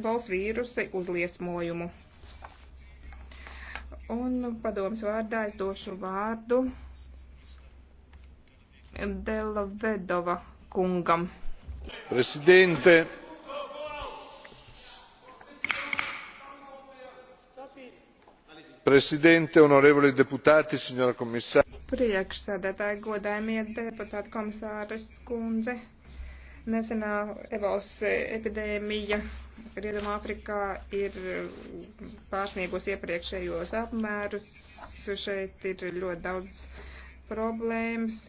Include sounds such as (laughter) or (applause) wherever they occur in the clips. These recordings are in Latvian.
ebolas vīrusi uzliesmojumu. Un padoms vārdā es došu vārdu Dela Vedova kungam. Presidente. Presidente, onorevoli deputāti, signora komisāra. Priekšsēdētāji, godājumie deputāti, komisāres kundze. Nesenā ebolas epidēmija Rietumā Afrikā ir pārsniegus iepriekšējos apmērus. Šeit ir ļoti daudz problēmas.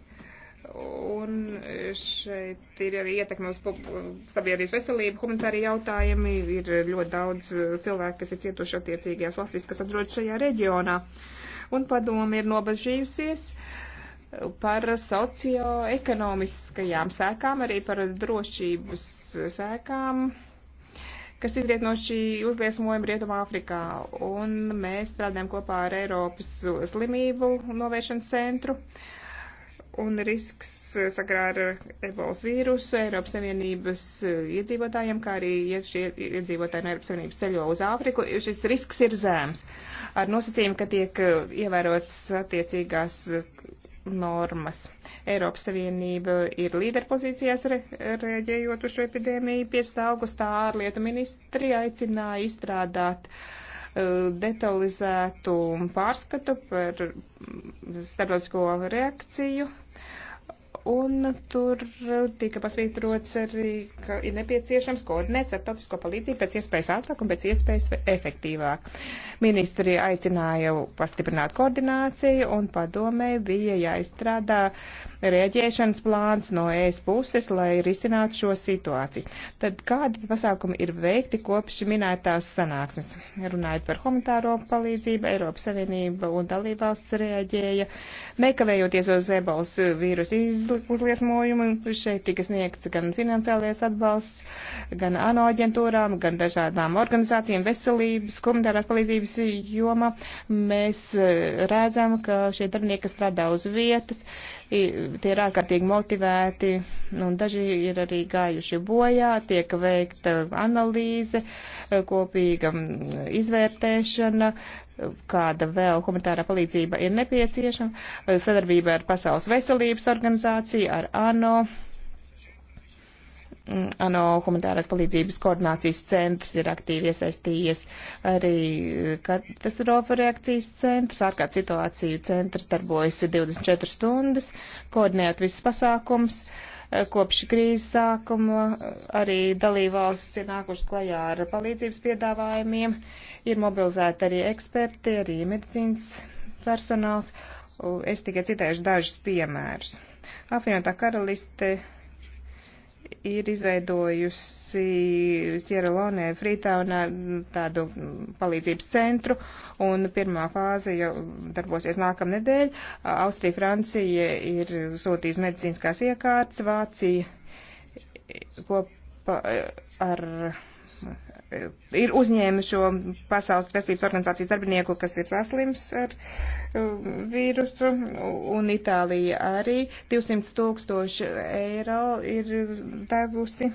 Un šeit ir arī ietekme uz sabiedrības veselību, humanitārie jautājumi. Ir ļoti daudz cilvēku, kas ir cietuši attiecīgajās valstīs, kas atrodas šajā reģionā. Un padomi ir nobažījusies. Uh, par socioekonomiskajām sēkām, arī par drošības sēkām, kas izriet no šī uzliesmojuma Rietumā Afrikā. Un mēs strādājam kopā ar Eiropas slimību novēršanas centru. Un risks sakarā ar ebolas vīrusu Eiropas Savienības iedzīvotājiem, kā arī ja šie iedzīvotāji no Eiropas Savienības ceļo uz Āfriku, šis risks ir zēms. Ar nosacījumu, ka tiek ievērots attiecīgās normas. Eiropas Savienība ir līderpozīcijās re reaģējot uz šo epidēmiju. 15. augustā ārlietu ministri aicināja izstrādāt uh, detalizētu pārskatu par starptautisko reakciju un tur tika pasvītrots arī, ka ir nepieciešams koordinēt starptautisko palīdzību pēc iespējas ātrāk un pēc iespējas efektīvāk. Ministri aicināja pastiprināt koordināciju, un padomē bija jāizstrādā rēģēšanas plāns no ES puses, lai risinātu šo situāciju. Tad kādi pasākumi ir veikti kopš minētās sanāksmes? Runājot par humanitāro palīdzību, Eiropas Savienība un dalībvalsts rēģēja, nekavējoties uz ebolas vīrusu izlīdzību uzliesmojumi. Šeit tika sniegts gan finansiālais atbalsts, gan ANO aģentūrām, gan dažādām organizācijām veselības, komunitārās palīdzības joma. Mēs e, redzam, ka šie darbinieki, kas strādā uz vietas, tie ir ārkārtīgi motivēti, nu, un daži ir arī gājuši bojā, tiek veikta analīze, e, kopīga izvērtēšana, kāda vēl humanitārā palīdzība ir nepieciešama, eh, sadarbība ar Pasaules veselības organizāciju, ar ANO, mm, ANO humanitārās palīdzības koordinācijas centrs ir aktīvi iesaistījies arī eh, katastrofa reakcijas centrs, ārkārt situāciju centrs darbojas 24 stundas, koordinējot visus pasākums. Uh, Kopš krīzes sākuma arī dalībvalsts ir nākušas klajā ar palīdzības piedāvājumiem, ir mobilizēti arī eksperti, arī medicīnas personāls. Es tikai citēšu dažus piemērus. Apvienotā karaliste ir izveidojusi Sieralonē Frītaunā tādu palīdzības centru, un pirmā fāze jau darbosies nākamnedēļ. Austrija, Francija ir sūtījusi medicīniskās iekārtas, Vācija kopā ar Eh, ir uzņēma šo Pasaules veselības organizācijas darbinieku, kas ir saslims ar eh, vīrusu, un Itālija arī 200 tūkstoši eiro ir devusi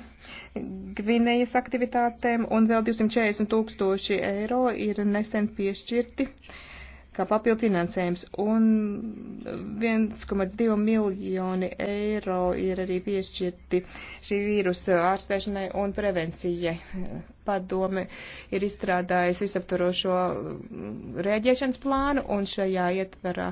Gvinējas aktivitātēm, un vēl 240 tūkstoši eiro ir nesen piešķirti. Uh, kā papildu finansējums, un 1,2 miljoni eiro ir arī piešķirti šī vīrusa ārstēšanai un prevencijai. Padome ir izstrādājis visaptvarošo rēģēšanas plānu, un šajā ietverā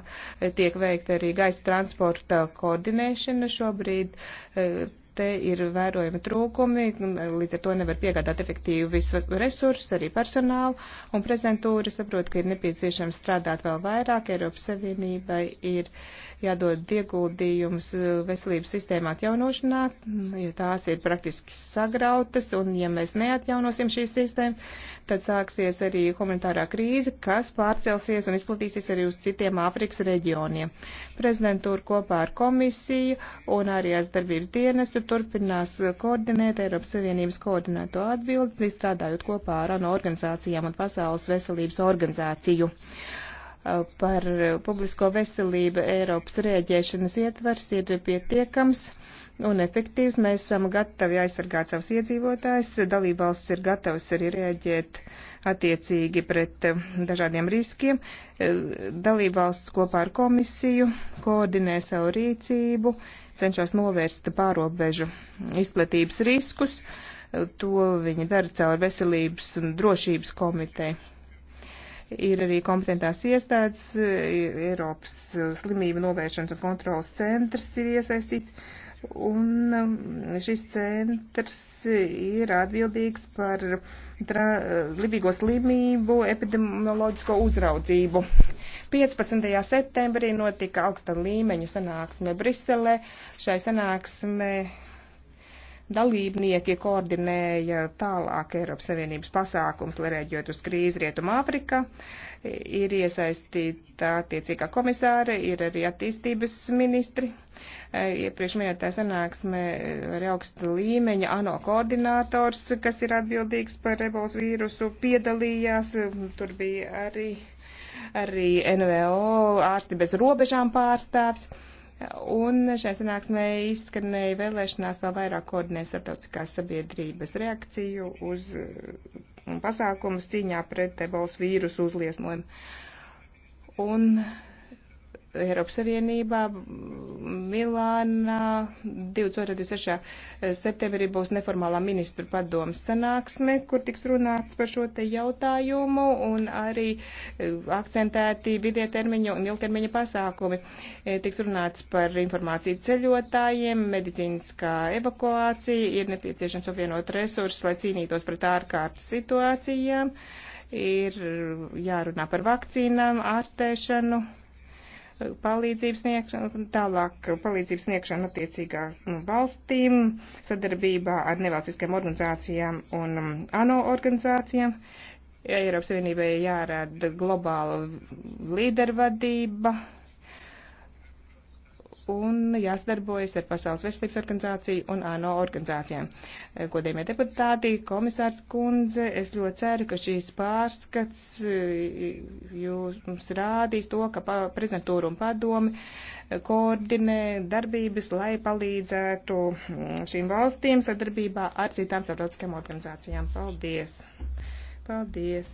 tiek veikta arī gaisa transporta koordinēšana šobrīd. E, te ir vērojami trūkumi, nu, līdz ar to nevar piegādāt efektīvi visus resursus, arī personālu, un prezidentūra saprot, ka ir nepieciešams strādāt vēl vairāk, Eiropas Savienībai ir jādod ieguldījums uh, veselības sistēmā atjaunošanā, jo tās ir praktiski sagrautas, un ja mēs neatjaunosim šīs sistēmas, tad sāksies arī humanitārā krīze, kas pārcelsies un izplatīsies arī uz citiem Āfrikas reģioniem. Prezidentūra kopā ar komisiju un arī aizdarbības dienestu turpinās koordinēt Eiropas Savienības koordinēto atbildi, strādājot kopā ar ANO organizācijām un Pasaules veselības organizāciju. Uh, par publisko veselību Eiropas rēģēšanas ietvers ir pietiekams un efektīvs. Mēs esam gatavi aizsargāt savus iedzīvotājus. Dalībvalsts ir gatavs arī rēģēt attiecīgi pret uh, dažādiem riskiem. Uh, dalībvalsts kopā ar komisiju koordinē savu rīcību cenšas novērst pārobežu izplatības riskus. To viņi dara caur veselības un drošības komiteju. Ir arī kompetentās iestādes, Eiropas slimību novēršanas un kontrolas centrs ir iesaistīts, un um, šis centrs ir atbildīgs par tra, uh, libīgo slimību epidemioloģisko uzraudzību 15. septembrī notika augsta līmeņa sanāksme Briselē. Šai sanāksmē dalībnieki koordinēja tālāk Eiropas Savienības pasākums, lai rēģētu uz krīzi Rietuma Āfrika. Ir iesaistīta attiecīgā komisāra, ir arī attīstības ministri. Iepriekš minētā sanāksme arī augsta līmeņa ANO koordinators, kas ir atbildīgs par ebols vīrusu, piedalījās. Tur bija arī arī NVO ārsti bez robežām pārstāvs. Un šai sanāksmē izskanēja vēlēšanās vēl vairāk koordinēt starptautiskās sabiedrības reakciju uz uh, pasākumus cīņā pret ebolas vīrusu uzliesmojumu. Un Eiropas Savienībā, Milānā 22.26. septembrī būs neformālā ministru padomas sanāksme, kur tiks runāts par šo te jautājumu un arī e, akcentēti vidie termiņu un ilgtermiņa pasākumi. E, tiks runāts par informāciju ceļotājiem, medicīniskā evakuācija, ir nepieciešams apvienot resursus, lai cīnītos pret ārkārtas situācijām ir e, jārunā par vakcīnām, ārstēšanu, palīdzības sniegšana, tālāk palīdzības sniegšana attiecīgās nu, valstīm, sadarbībā ar nevalstiskajām organizācijām un um, ANO organizācijām. Eiropas Savienībai jārāda globāla līdervadība, un jāsadarbojas ar Pasaules veselības organizāciju un ANO organizācijām. Godējumie deputāti, komisārs kundze, es ļoti ceru, ka šīs pārskats eh, jums rādīs to, ka prezentūra un padomi koordinē darbības, lai palīdzētu mm, šīm valstīm sadarbībā ar citām starptautiskajām organizācijām. Paldies! Paldies!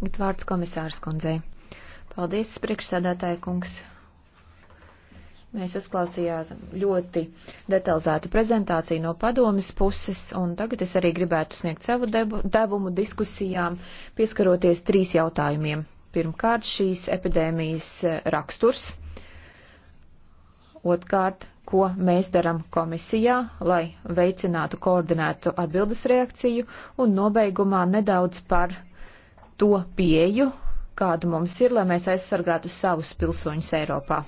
Tagad vārds komisārs kundzei. Paldies, priekšsēdētāja kungs. Mēs uzklausījām ļoti detalizētu prezentāciju no padomas puses, un tagad es arī gribētu sniegt savu debu, devumu diskusijām, pieskaroties trīs jautājumiem. Pirmkārt, šīs epidēmijas eh, raksturs. Otkārt, ko mēs darām komisijā, lai veicinātu koordinētu atbildes reakciju, un nobeigumā nedaudz par to pieju, kāda mums ir, lai mēs aizsargātu savus pilsoņus Eiropā.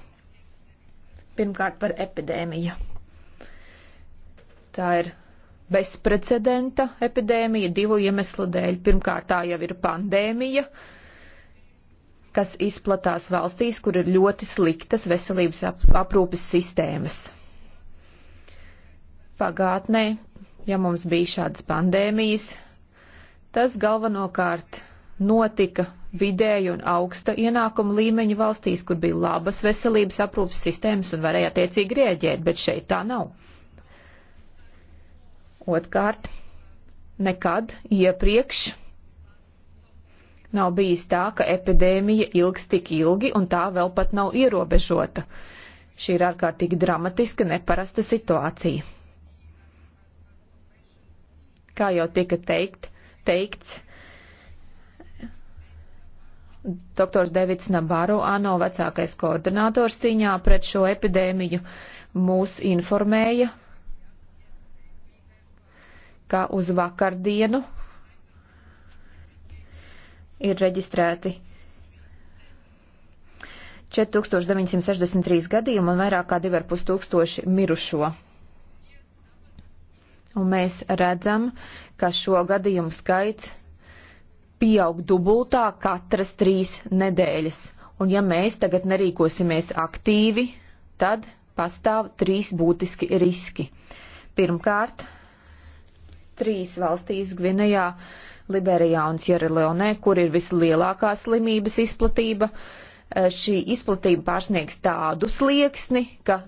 Pirmkārt par epidēmiju. Tā ir bezprecedenta epidēmija divu iemeslu dēļ. Pirmkārt, tā jau ir pandēmija, kas izplatās valstīs, kur ir ļoti sliktas veselības ap aprūpes sistēmas. Pagātnē, ja mums bija šādas pandēmijas, tas galvenokārt notika vidēju un augsta ienākuma līmeņa valstīs, kur bija labas veselības aprūpas sistēmas un varēja attiecīgi rieģēt, bet šeit tā nav. Otkārt, nekad iepriekš nav bijis tā, ka epidēmija ilgs tik ilgi un tā vēl pat nav ierobežota. Šī ir ārkārtīgi dramatiska, neparasta situācija. Kā jau tika teikt, teikts, doktors Devits Nabaru, ANO vecākais koordinators cīņā pret šo epidēmiju, mūs informēja, ka uz vakardienu ir reģistrēti 4963 gadījumi un vairāk kā 2,5 tūkstoši mirušo. Un mēs redzam, ka šo gadījumu skaits pieaug dubultā katras trīs nedēļas. Un ja mēs tagad nerīkosimies aktīvi, tad pastāv trīs būtiski riski. Pirmkārt, trīs valstīs Gvinējā, Liberijā un Sierleonē, kur ir vislielākā slimības izplatība, eh, šī izplatība pārsniegs tādu slieksni, ka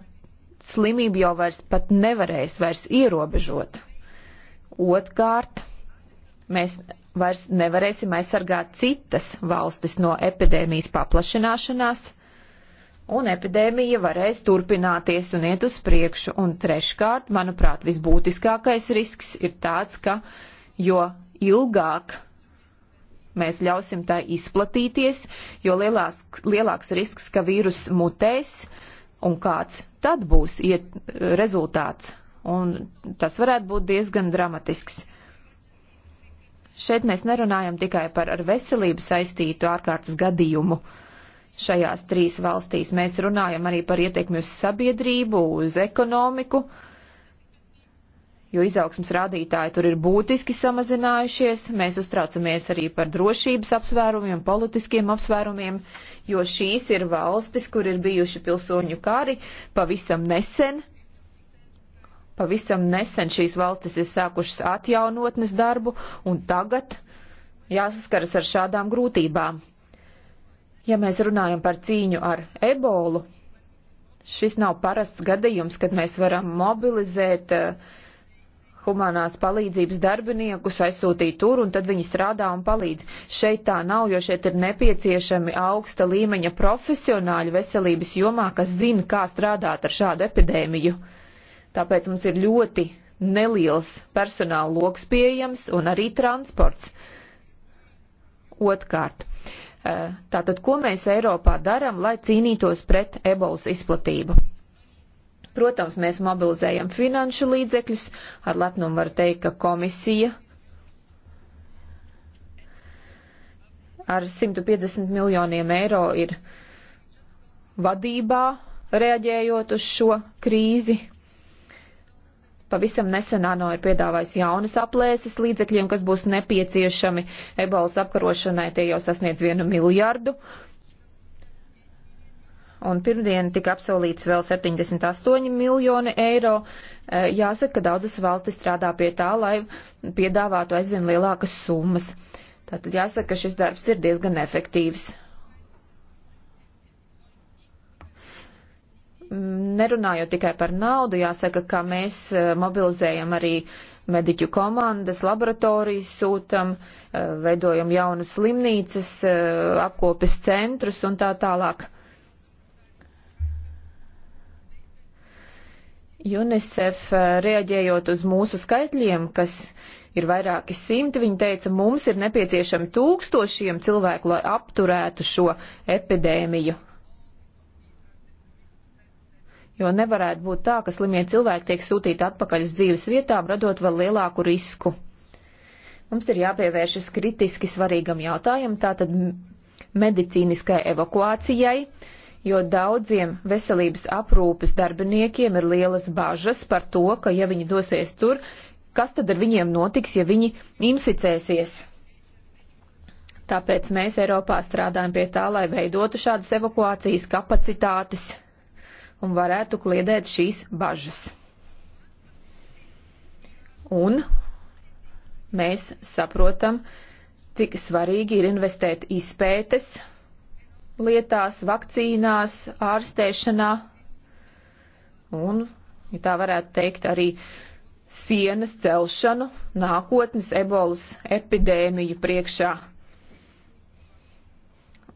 slimību jau vairs pat nevarēs vairs ierobežot. Otkārt, mēs vairs nevarēsim aizsargāt citas valstis no epidēmijas paplašināšanās, un epidēmija varēs turpināties un iet uz priekšu. Un treškārt, manuprāt, visbūtiskākais risks ir tāds, ka jo ilgāk mēs ļausim tā izplatīties, jo lielās, lielāks risks, ka vīrus mutēs, un kāds tad būs iet, rezultāts. Un tas varētu būt diezgan dramatisks. Šeit mēs nerunājam tikai par ar veselību saistītu ārkārtas gadījumu. Šajās trīs valstīs mēs runājam arī par ietekmi uz sabiedrību, uz ekonomiku, jo izaugsmas rādītāji tur ir būtiski samazinājušies. Mēs uztraucamies arī par drošības apsvērumiem, politiskiem apsvērumiem, jo šīs ir valstis, kur ir bijuši pilsoņu kari pavisam nesen Pavisam nesen šīs valstis ir sākušas atjaunotnes darbu, un tagad jāsaskaras ar šādām grūtībām. Ja mēs runājam par cīņu ar ebolu, šis nav parasts gadījums, kad mēs varam mobilizēt eh, humanās palīdzības darbiniekus, aizsūtīt tur, un tad viņi strādā un palīdz. Šeit tā nav, jo šeit ir nepieciešami augsta līmeņa profesionāļi veselības jomā, kas zina, kā strādāt ar šādu epidēmiju. Tāpēc mums ir ļoti neliels personāla loks pieejams un arī transports. Otkārt, eh, tātad, ko mēs Eiropā darām, lai cīnītos pret ebolas izplatību? Protams, mēs mobilizējam finanšu līdzekļus, ar lepnumu var teikt, ka komisija ar 150 miljoniem eiro ir vadībā reaģējot uz šo krīzi, Pavisam nesen ANO ir piedāvājis jaunas aplēses līdzekļiem, kas būs nepieciešami ebolas apkarošanai, tie jau sasniedz vienu miljardu. Un pirmdien tika apsolīts vēl 78 miljoni eiro. E, jāsaka, ka daudzas valstis strādā pie tā, lai piedāvātu aizvien lielākas summas. Tātad jāsaka, ka šis darbs ir diezgan efektīvs. nerunājot tikai par naudu, jāsaka, ka mēs eh, mobilizējam arī mediķu komandas, laboratorijas sūtam, eh, veidojam jaunas slimnīcas, eh, apkopes centrus un tā tālāk. UNICEF reaģējot uz mūsu skaitļiem, kas ir vairāki simti, viņi teica, mums ir nepieciešami tūkstošiem cilvēku, lai apturētu šo epidēmiju jo nevarētu būt tā, ka slimie cilvēki tiek sūtīti atpakaļ uz dzīves vietām, radot vēl lielāku risku. Mums ir jāpievēršas kritiski svarīgam jautājumam, tātad medicīniskai evakuācijai, jo daudziem veselības aprūpes darbiniekiem ir lielas bažas par to, ka ja viņi dosies tur, kas tad ar viņiem notiks, ja viņi inficēsies. Tāpēc mēs Eiropā strādājam pie tā, lai veidotu šādas evakuācijas kapacitātes un varētu kliedēt šīs bažas. Un mēs saprotam, cik svarīgi ir investēt izpētes lietās, vakcīnās, ārstēšanā un, ja tā varētu teikt, arī sienas celšanu nākotnes ebolas epidēmiju priekšā.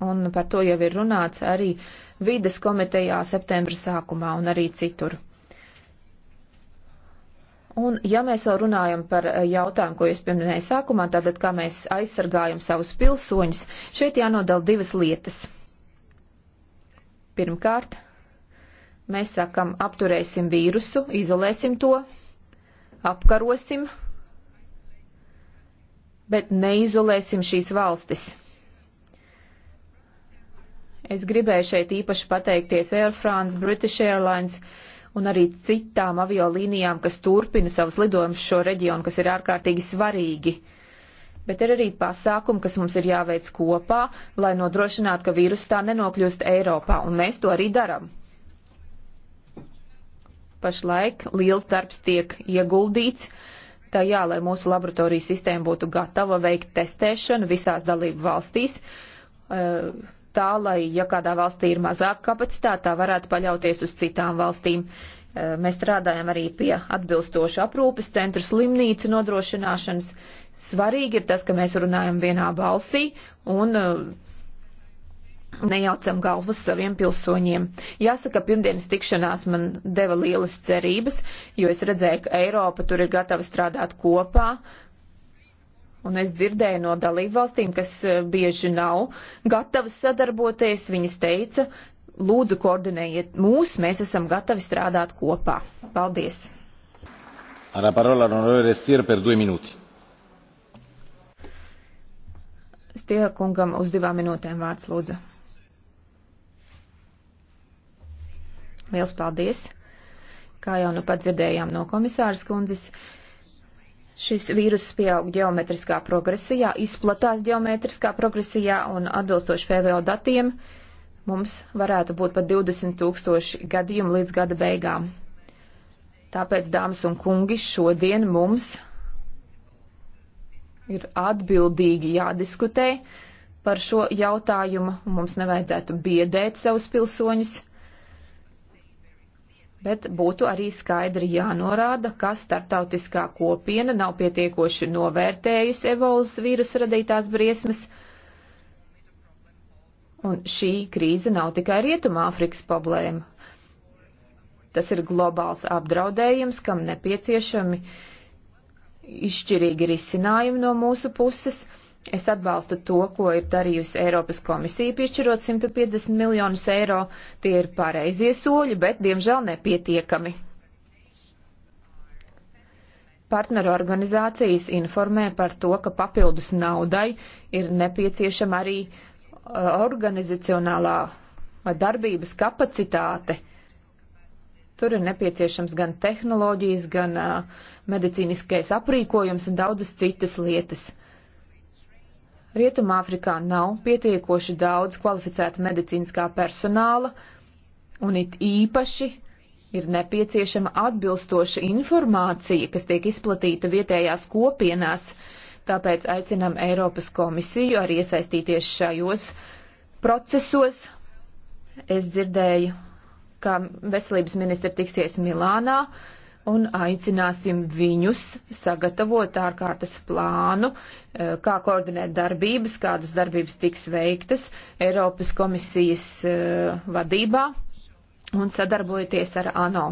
Un par to jau ir runāts arī uh, vides komitejā septembra sākumā un arī citur. Un, ja mēs jau runājam par eh, jautājumu, ko es pieminēju sākumā, tātad kā mēs aizsargājam savus pilsoņus, šeit jānodala divas lietas. Pirmkārt, mēs sakam, apturēsim vīrusu, izolēsim to, apkarosim, bet neizolēsim šīs valstis. Es gribēju šeit īpaši pateikties Air France, British Airlines un arī citām aviolīnijām, kas turpina savus lidojumus šo reģionu, kas ir ārkārtīgi svarīgi. Bet ir arī pasākumi, kas mums ir jāveic kopā, lai nodrošinātu, ka vīrus tā nenokļūst Eiropā, un mēs to arī darām. Pašlaik liels darbs tiek ieguldīts tajā, lai mūsu laboratorijas sistēma būtu gatava veikt testēšanu visās dalību valstīs. Uh, tā, lai, ja kādā valstī ir mazāk kapacitāte, tā varētu paļauties uz citām valstīm. Eh, mēs strādājam arī pie atbilstošu aprūpes centru slimnīcu nodrošināšanas. Svarīgi ir tas, ka mēs runājam vienā balsī un eh, nejaucam galvas saviem pilsoņiem. Jāsaka, pirmdienas tikšanās man deva lielas cerības, jo es redzēju, ka Eiropa tur ir gatava strādāt kopā Un es dzirdēju no dalību valstīm, kas eh, bieži nav gatavas sadarboties, viņas teica, lūdzu koordinējiet mūs, mēs esam gatavi strādāt kopā. Paldies! La parola all'onorevole Stier per due minuti. Stier kungam uz divām minūtēm vārds lūdzu. Liels paldies! Kā jau nu pat dzirdējām no komisāras kundzes, uh, Šis vīrus pieaug geometriskā progresijā, izplatās geometriskā progresijā un atbilstoši PVO datiem mums varētu būt pat 20 tūkstoši gadījumu līdz gada beigām. Tāpēc, dāmas un kungi, šodien mums ir atbildīgi jādiskutē par šo jautājumu. Mums nevajadzētu biedēt savus pilsoņus bet būtu arī skaidri jānorāda, ka starptautiskā kopiena nav pietiekoši novērtējusi ebolas vīrusa radītās briesmas, un šī krīze nav tikai Rietumāfrikas problēma. Tas ir globāls apdraudējums, kam nepieciešami izšķirīgi risinājumi no mūsu puses Es atbalstu to, ko ir darījusi Eiropas komisija, piešķirot 150 miljonus eiro. Tie ir pareizie soļi, bet diemžēl nepietiekami. Partneru organizācijas informē par to, ka papildus naudai ir nepieciešama arī uh, organizacionālā uh, darbības kapacitāte. Tur ir nepieciešams gan tehnoloģijas, gan uh, medicīniskais aprīkojums un daudzas citas lietas. Rietumāfrikā nav pietiekoši daudz kvalificēta medicīniskā personāla, un it īpaši ir nepieciešama atbilstoša informācija, kas tiek izplatīta vietējās kopienās, tāpēc aicinam Eiropas komisiju arī iesaistīties šajos procesos. Es dzirdēju, ka veselības ministri tiksies Milānā, un aicināsim viņus sagatavot ārkārtas plānu, eh, kā koordinēt darbības, kādas darbības tiks veiktas Eiropas komisijas eh, vadībā un sadarbojoties ar ANO.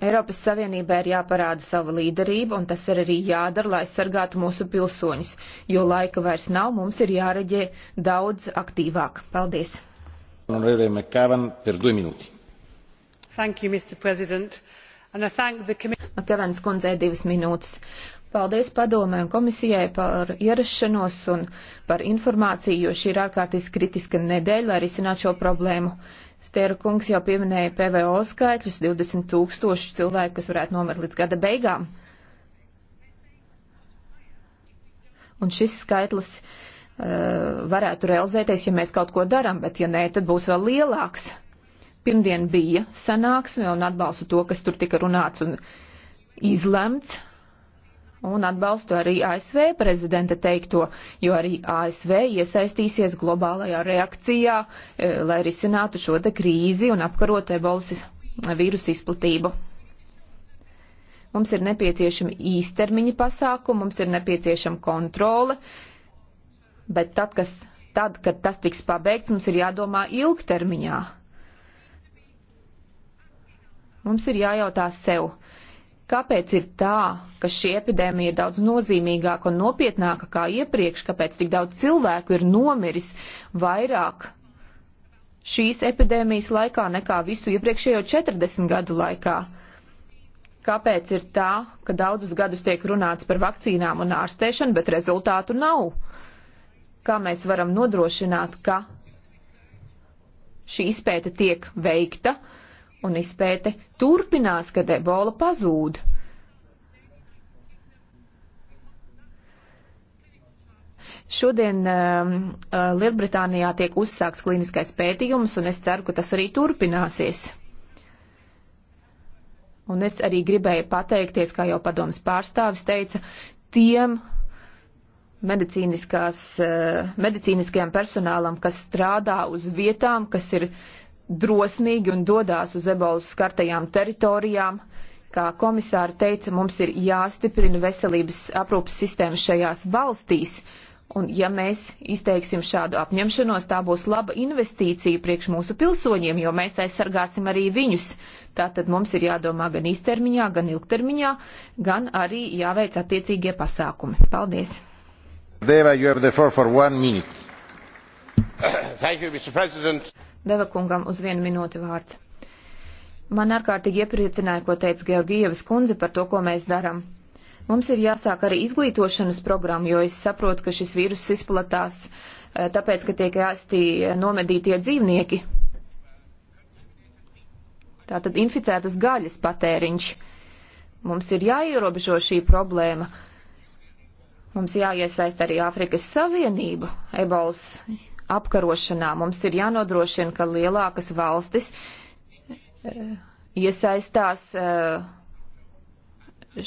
Eiropas Savienībai ir jāparāda sava līderība, un tas ir arī jādara, lai sargātu mūsu pilsoņus, jo laika vairs nav, mums ir jāreģē daudz aktīvāk. Paldies! Un Rēlē Mekāvan par 2 minūtes. Makavens kundzei divas minūtes. Paldies padomē un komisijai par ierašanos un par informāciju, jo šī ir ārkārtīgi kritiska nedēļa, lai risinātu šo problēmu. Stēra kungs jau pieminēja PVO skaitļus - 20 tūkstoši cilvēku, kas varētu nomirt līdz gada beigām. Un šis skaitlis uh, varētu realizēties, ja mēs kaut ko darām, bet ja nē, tad būs vēl lielāks. Pirmdien bija sanāksme un atbalstu to, kas tur tika runāts un izlemts. Un atbalstu arī ASV prezidenta teikto, jo arī ASV iesaistīsies globālajā reakcijā, e, lai risinātu šo te krīzi un apkarotu ebolas vīrusu izplatību. Mums ir nepieciešami īstermiņa pasākumi, mums ir nepieciešama kontrole, bet tad, kas, tad, kad tas tiks pabeigts, mums ir jādomā ilgtermiņā. Mums ir jājautā sev, kāpēc ir tā, ka šī epidēmija ir daudz nozīmīgāka un nopietnāka kā iepriekš, kāpēc tik daudz cilvēku ir nomiris vairāk šīs epidēmijas laikā nekā visu iepriekšējo 40 gadu laikā. Kāpēc ir tā, ka daudzus gadus tiek runāts par vakcīnām un ārstēšanu, bet rezultātu nav? Kā mēs varam nodrošināt, ka šī izpēta tiek veikta, uh, un izpēte turpinās, kad ebola pazūd. Šodien um, uh, Lielbritānijā tiek uzsākts klīniskais pētījums, un es ceru, ka tas arī turpināsies. Un es arī gribēju pateikties, kā jau padomas pārstāvis teica, tiem uh, medicīniskajam personālam, kas strādā uz vietām, kas ir uh, drosmīgi un dodās uz ebolas skartajām teritorijām. Kā komisāra teica, mums ir jāstiprina veselības aprūpas sistēma šajās valstīs, un ja mēs izteiksim šādu apņemšanos, tā būs laba investīcija priekš mūsu pilsoņiem, jo mēs aizsargāsim arī viņus. Tātad mums ir jādomā gan īstermiņā, gan ilgtermiņā, gan arī jāveic attiecīgie pasākumi. Paldies! Deva, you have the floor for one minute. Thank you, Mr. President. Deva kungam uz vienu minūti vārds. Man ārkārtīgi iepriecināja, ko teica Georgievas kundze par to, ko mēs darām. Mums ir jāsāk arī izglītošanas programma, jo es saprotu, ka šis vīrus izplatās eh, tāpēc, ka tiek ēsti eh, nomedītie dzīvnieki. Tātad inficētas gaļas patēriņš. Mums ir jāierobežo šī problēma. Mums jāiesaist arī Āfrikas Savienība ebols apkarošanā. Mums ir jānodrošina, ka lielākas valstis eh, iesaistās eh,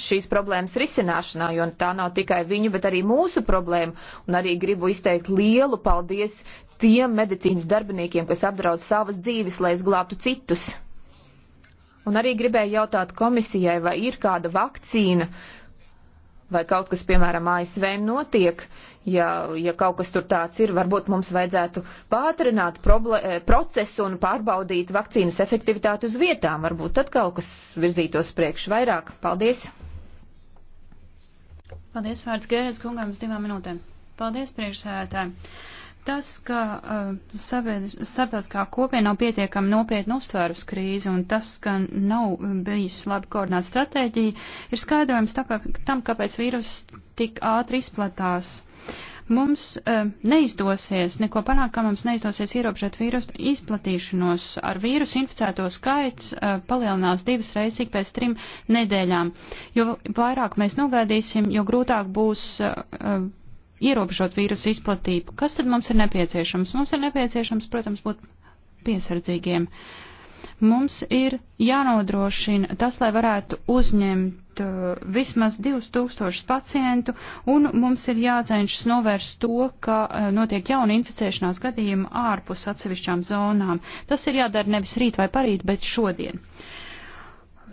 šīs problēmas risināšanā, jo tā nav tikai viņu, bet arī mūsu problēma. Un arī gribu izteikt lielu paldies tiem medicīnas darbiniekiem, kas apdraud savas dzīves, lai es glābtu citus. Un arī gribēju jautāt komisijai, vai ir kāda vakcīna, uh, vai kaut kas, piemēram, ASV notiek, ja, ja kaut kas tur tāds ir, varbūt mums vajadzētu pātrināt eh, procesu un pārbaudīt vakcīnas efektivitāti uz vietām. Varbūt tad kaut kas virzītos priekš vairāk. Paldies! Paldies, vārds Gērēs kungam uz divām minūtēm. Paldies, priekšsēdētāji! Tas, ka uh, sabiedriskā kopiena nav pietiekami nopietni uztvērus krīzi un tas, ka nav bijis labi koordinēta stratēģija, ir skaidrojums tā, ka, tam, kāpēc vīrus tik ātri izplatās. Mums uh, neizdosies neko panākt, ka mums neizdosies ierobežot vīrusu izplatīšanos. Ar vīrusu inficēto skaits uh, palielinās divas reizes ik pēc trim nedēļām. Jo vairāk mēs nogaidīsim, jo grūtāk būs. Uh, ierobežot vīrusu izplatību. Kas tad mums ir nepieciešams? Mums ir nepieciešams, protams, būt piesardzīgiem. Mums ir jānodrošina tas, lai varētu uzņemt uh, vismaz 2000 pacientu, un mums ir jācenšas novērst to, ka uh, notiek jauna inficēšanās gadījuma ārpus atsevišķām zonām. Tas ir jādara nevis rīt vai parīt, bet šodien. Uh,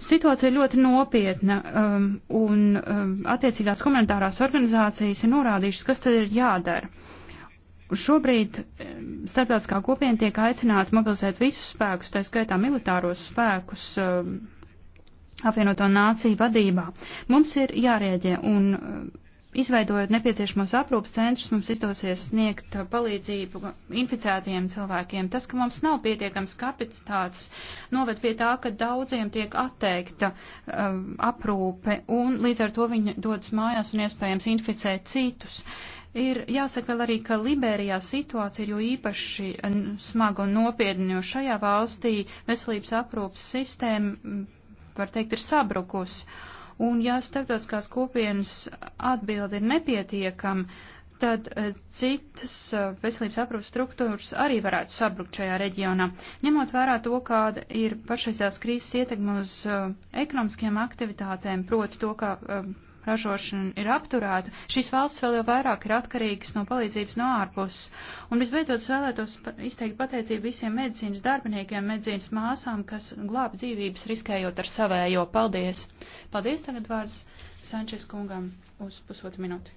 Situācija ir ļoti nopietna, um, un um, attiecīgās humanitārās organizācijas ir norādījušas, kas tad ir jādara. Šobrīd um, starptautiskā kopiena tiek aicināta mobilizēt visus spēkus, tā skaitā militāros spēkus. Um, apvienoto nāciju vadībā. Mums ir jārēģē, un um, Izveidojot nepieciešamos aprūpas centrus, mums izdosies sniegt palīdzību inficētajiem cilvēkiem. Tas, ka mums nav pietiekams kapacitātes, noved pie tā, ka daudziem tiek atteikta um, aprūpe, un līdz ar to viņi dodas mājās un iespējams inficēt citus. Ir jāsaka vēl arī, ka Liberijā situācija ir jo īpaši smaga un nopietna, jo šajā valstī veselības aprūpas sistēma, var teikt, ir sabrukusi. Un ja starptautiskās kopienas atbildi ir nepietiekama, tad eh, citas eh, veselības aprūpas struktūras arī varētu sabrukt šajā reģionā. Ņemot vērā to, kāda ir pašreizējās krīzes ietekme uz eh, ekonomiskajām aktivitātēm, proti to, ka ražošana ir apturēta, šīs valsts vēl jau vairāk ir atkarīgas no palīdzības no ārpuses. Un visbeidzot, es vēlētos izteikt pateicību visiem medicīnas darbiniekiem, medicīnas māsām, kas glāb dzīvības riskējot ar savējo. Paldies! Paldies tagad vārds Sančes kungam uz pusotru minūti.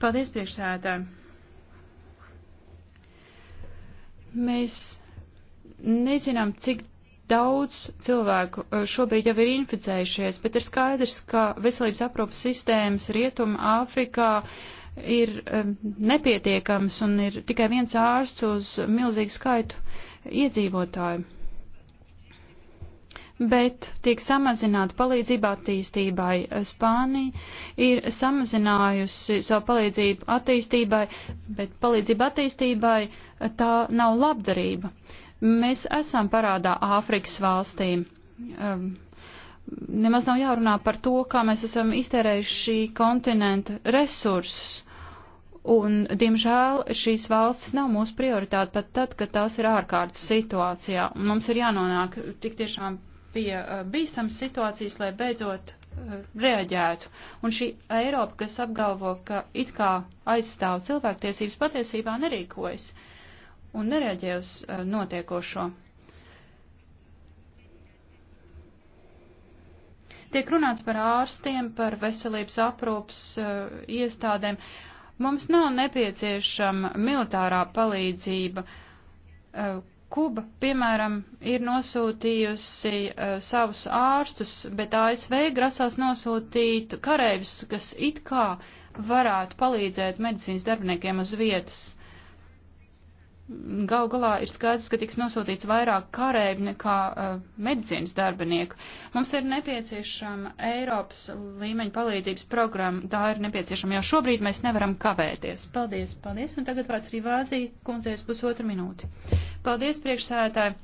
Paldies, priekšsēdētāji! Mēs nezinām, cik Daudz cilvēku eh, šobrīd jau ir inficējušies, bet ir skaidrs, ka veselības aprūpas sistēmas Rietuma Āfrikā ir eh, nepietiekams un ir tikai viens ārsts uz milzīgu skaitu iedzīvotāju. Bet tiek samazināta palīdzība attīstībai. Spānija ir samazinājusi savu palīdzību attīstībai, bet palīdzība attīstībai eh, tā nav labdarība. Uh, Mēs esam parādā Āfrikas valstīm. Um, nemaz nav jārunā par to, kā mēs esam iztērējuši šī kontinenta resursus. Un, diemžēl, šīs valstis nav mūsu prioritāte pat tad, kad tās ir ārkārtas situācijā. Un mums ir jānonāk tik tiešām pie uh, bīstamas situācijas, lai beidzot uh, reaģētu. Un šī Eiropa, kas apgalvo, ka it kā aizstāv cilvēktiesības, patiesībā nerīkojas. Uh, un nereaģē uz eh, notiekošo. Tiek runāts par ārstiem, par veselības aprūpas eh, iestādēm. Mums nav nepieciešama militārā palīdzība. Eh, Kuba, piemēram, ir nosūtījusi uh, savus ārstus, bet ASV grasās nosūtīt kareivis, kas it kā varētu palīdzēt medicīnas darbiniekiem uz vietas. Gau galā ir skaidrs, ka tiks nosūtīts vairāk karēbi nekā uh, medicīnas darbinieku. Mums ir nepieciešama Eiropas līmeņa palīdzības programma. Tā ir nepieciešama jau šobrīd. Mēs nevaram kavēties. Paldies, paldies. Un tagad vārds Rivāzī kundzēs pusotru minūti. Paldies, priekšsēdētāji.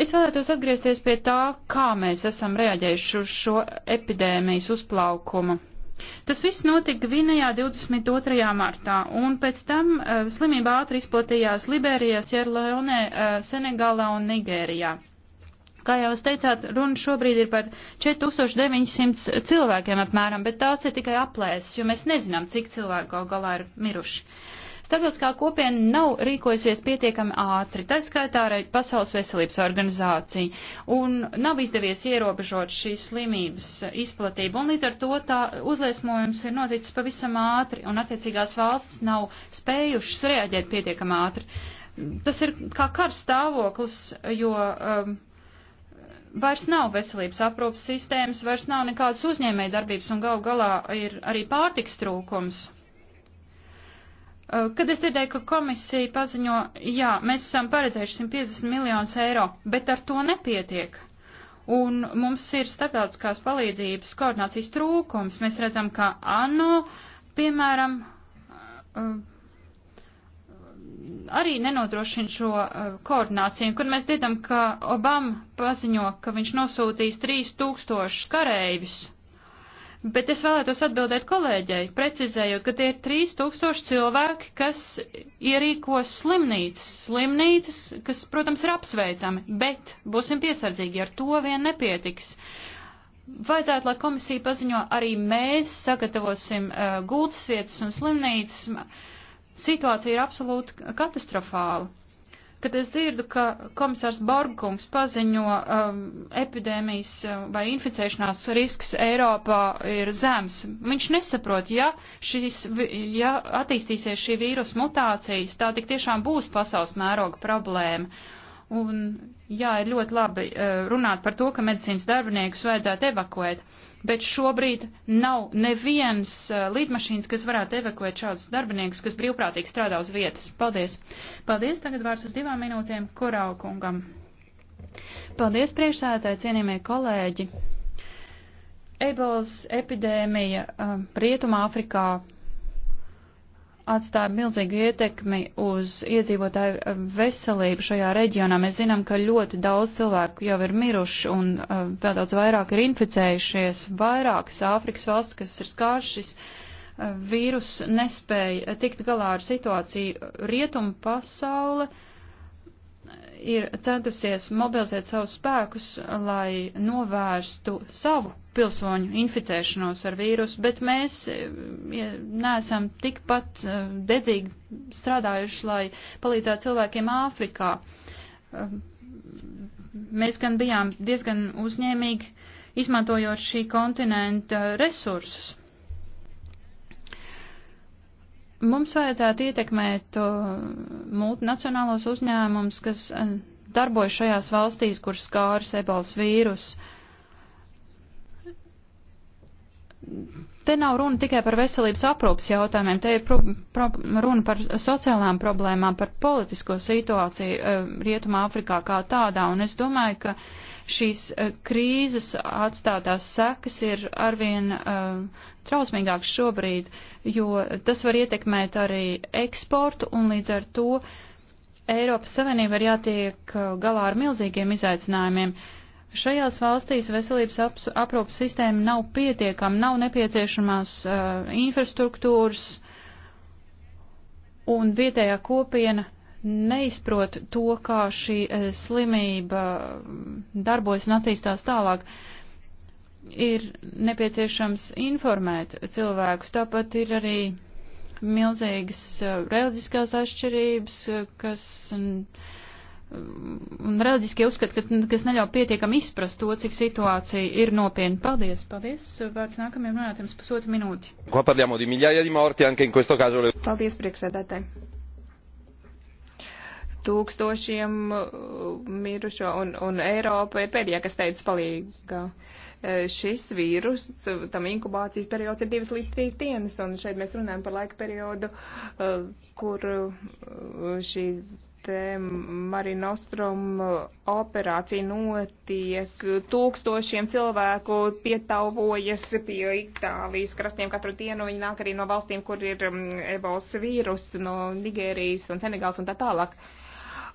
Es vēlētos atgriezties pie tā, kā mēs esam reaģējuši uz šo epidēmijas uzplaukumu. Tas viss notika Gvinējā 22. martā, un pēc tam uh, slimība ātri izplatījās Liberijā, Sierleonē, uh, eh, Senegālā un Nigērijā. Kā jau es teicāt, runa šobrīd ir par 4900 cilvēkiem apmēram, bet tās ir tikai aplēses, jo mēs nezinām, cik cilvēku gal galā ir miruši. Uh, Starptautiskā kopiena nav rīkojusies pietiekami ātri, tā skaitā arī Pasaules veselības organizācija, un nav izdevies ierobežot šīs slimības izplatību, un līdz ar to tā uzliesmojums ir noticis pavisam ātri, un attiecīgās valsts nav spējušas reaģēt pietiekami ātri. Tas ir kā kars stāvoklis, jo. Um, vairs nav veselības aprūpas sistēmas, vairs nav nekādas uzņēmējdarbības un gal galā ir arī pārtiks trūkums. Eh, kad es dzirdēju, ka komisija paziņo, jā, mēs esam paredzējuši 150 miljonus eiro, bet ar to nepietiek. Un mums ir starptautiskās palīdzības koordinācijas trūkums. Mēs redzam, ka ANO, piemēram, eh, arī nenodrošina šo uh, koordināciju, kur mēs dzirdam, ka Obama paziņo, ka viņš nosūtīs 3000 karēļus Bet es vēlētos atbildēt kolēģei, precizējot, ka tie ir 3000 cilvēki, kas ierīkos slimnīcas. Slimnīcas, kas, protams, ir apsveicami, bet būsim piesardzīgi, ar to vien nepietiks. Vajadzētu, lai komisija paziņo, arī mēs sagatavosim uh, gultas vietas un slimnīcas. Situācija ir absolūti katastrofāla. Kad es dzirdu, ka komisārs Borgkungs paziņo um, epidēmijas uh, vai inficēšanās risks Eiropā ir zems, viņš nesaprot, ja, šis, ja attīstīsies šī vīrusa mutācijas, tā tik tiešām būs pasaules mēroga problēma. Un jā, ir ļoti labi uh, runāt par to, ka medicīnas darbiniekus vajadzētu evakuēt. Uh, bet šobrīd nav neviens eh, līdmašīnas, kas varētu evakuēt šādus darbiniekus, kas brīvprātīgi strādā uz vietas. Paldies! Paldies! Tagad vārds uz divām minūtēm Korau kungam. Paldies, priekšsētāji, cienījamie kolēģi! Ebolas epidēmija um, eh, Rietumā Afrikā atstāja milzīgu ietekmi uz iedzīvotāju eh, veselību šajā reģionā. Mēs zinām, ka ļoti daudz cilvēku jau ir miruši un eh, vēl daudz vairāk ir inficējušies. Vairākas Āfrikas valsts, kas ir skāršas, eh, vīrus nespēja tikt galā ar situāciju. Rietumu pasaule uh, ir centusies mobilizēt savus spēkus, lai novērstu savu pilsoņu inficēšanos ar vīrusu, bet mēs e, neesam tikpat e, dedzīgi strādājuši, lai palīdzētu cilvēkiem Āfrikā. E, mēs gan bijām diezgan uzņēmīgi, izmantojot šī kontinenta resursus. Mums vajadzētu ietekmēt uh, multinacionālos uzņēmumus, kas uh, darbojas šajās valstīs, kur skāris ebols vīrus te nav runa tikai par veselības aprūpas jautājumiem, te ir pro, pro, runa par sociālām problēmām, par politisko situāciju eh, Rietumā Afrikā kā tādā, un es domāju, ka šīs eh, krīzes atstātās sekas ir arvien uh, trausmīgākas šobrīd, jo tas var ietekmēt arī eksportu, un līdz ar to Eiropas Savienība ir jātiek galā ar milzīgiem izaicinājumiem. Uh, Šajās valstīs veselības aprūpas sistēma nav pietiekama, nav nepieciešamās uh, infrastruktūras, un vietējā kopiena neizprot to, kā šī uh, slimība um, darbojas un attīstās tālāk. Ir nepieciešams informēt cilvēkus, tāpat ir arī milzīgas uh, reliģiskās atšķirības, uh, kas. Uh, un reliģiskie uzskati, kas neļauj pietiekami izprast to, cik situācija ir nopietna. Paldies, paldies. Vārds nākamajam runātājam pusotru minūti. Paldies, priekšsēdētāji. Tūkstošiem uh, mirušo un, un Eiropa ir pēdējā, kas teica palīgā. Uh, šis vīrus, uh, tam inkubācijas periods ir divas līdz trīs dienas, un šeit mēs runājam par laika periodu, kur šī Marinostrum operācija notiek. Tūkstošiem cilvēku pietalvojas pie Itālijas krastiem katru dienu. Viņi nāk arī no valstīm, kur ir mm, ebols vīrus, no Nigērijas un Senegāls un tā tālāk.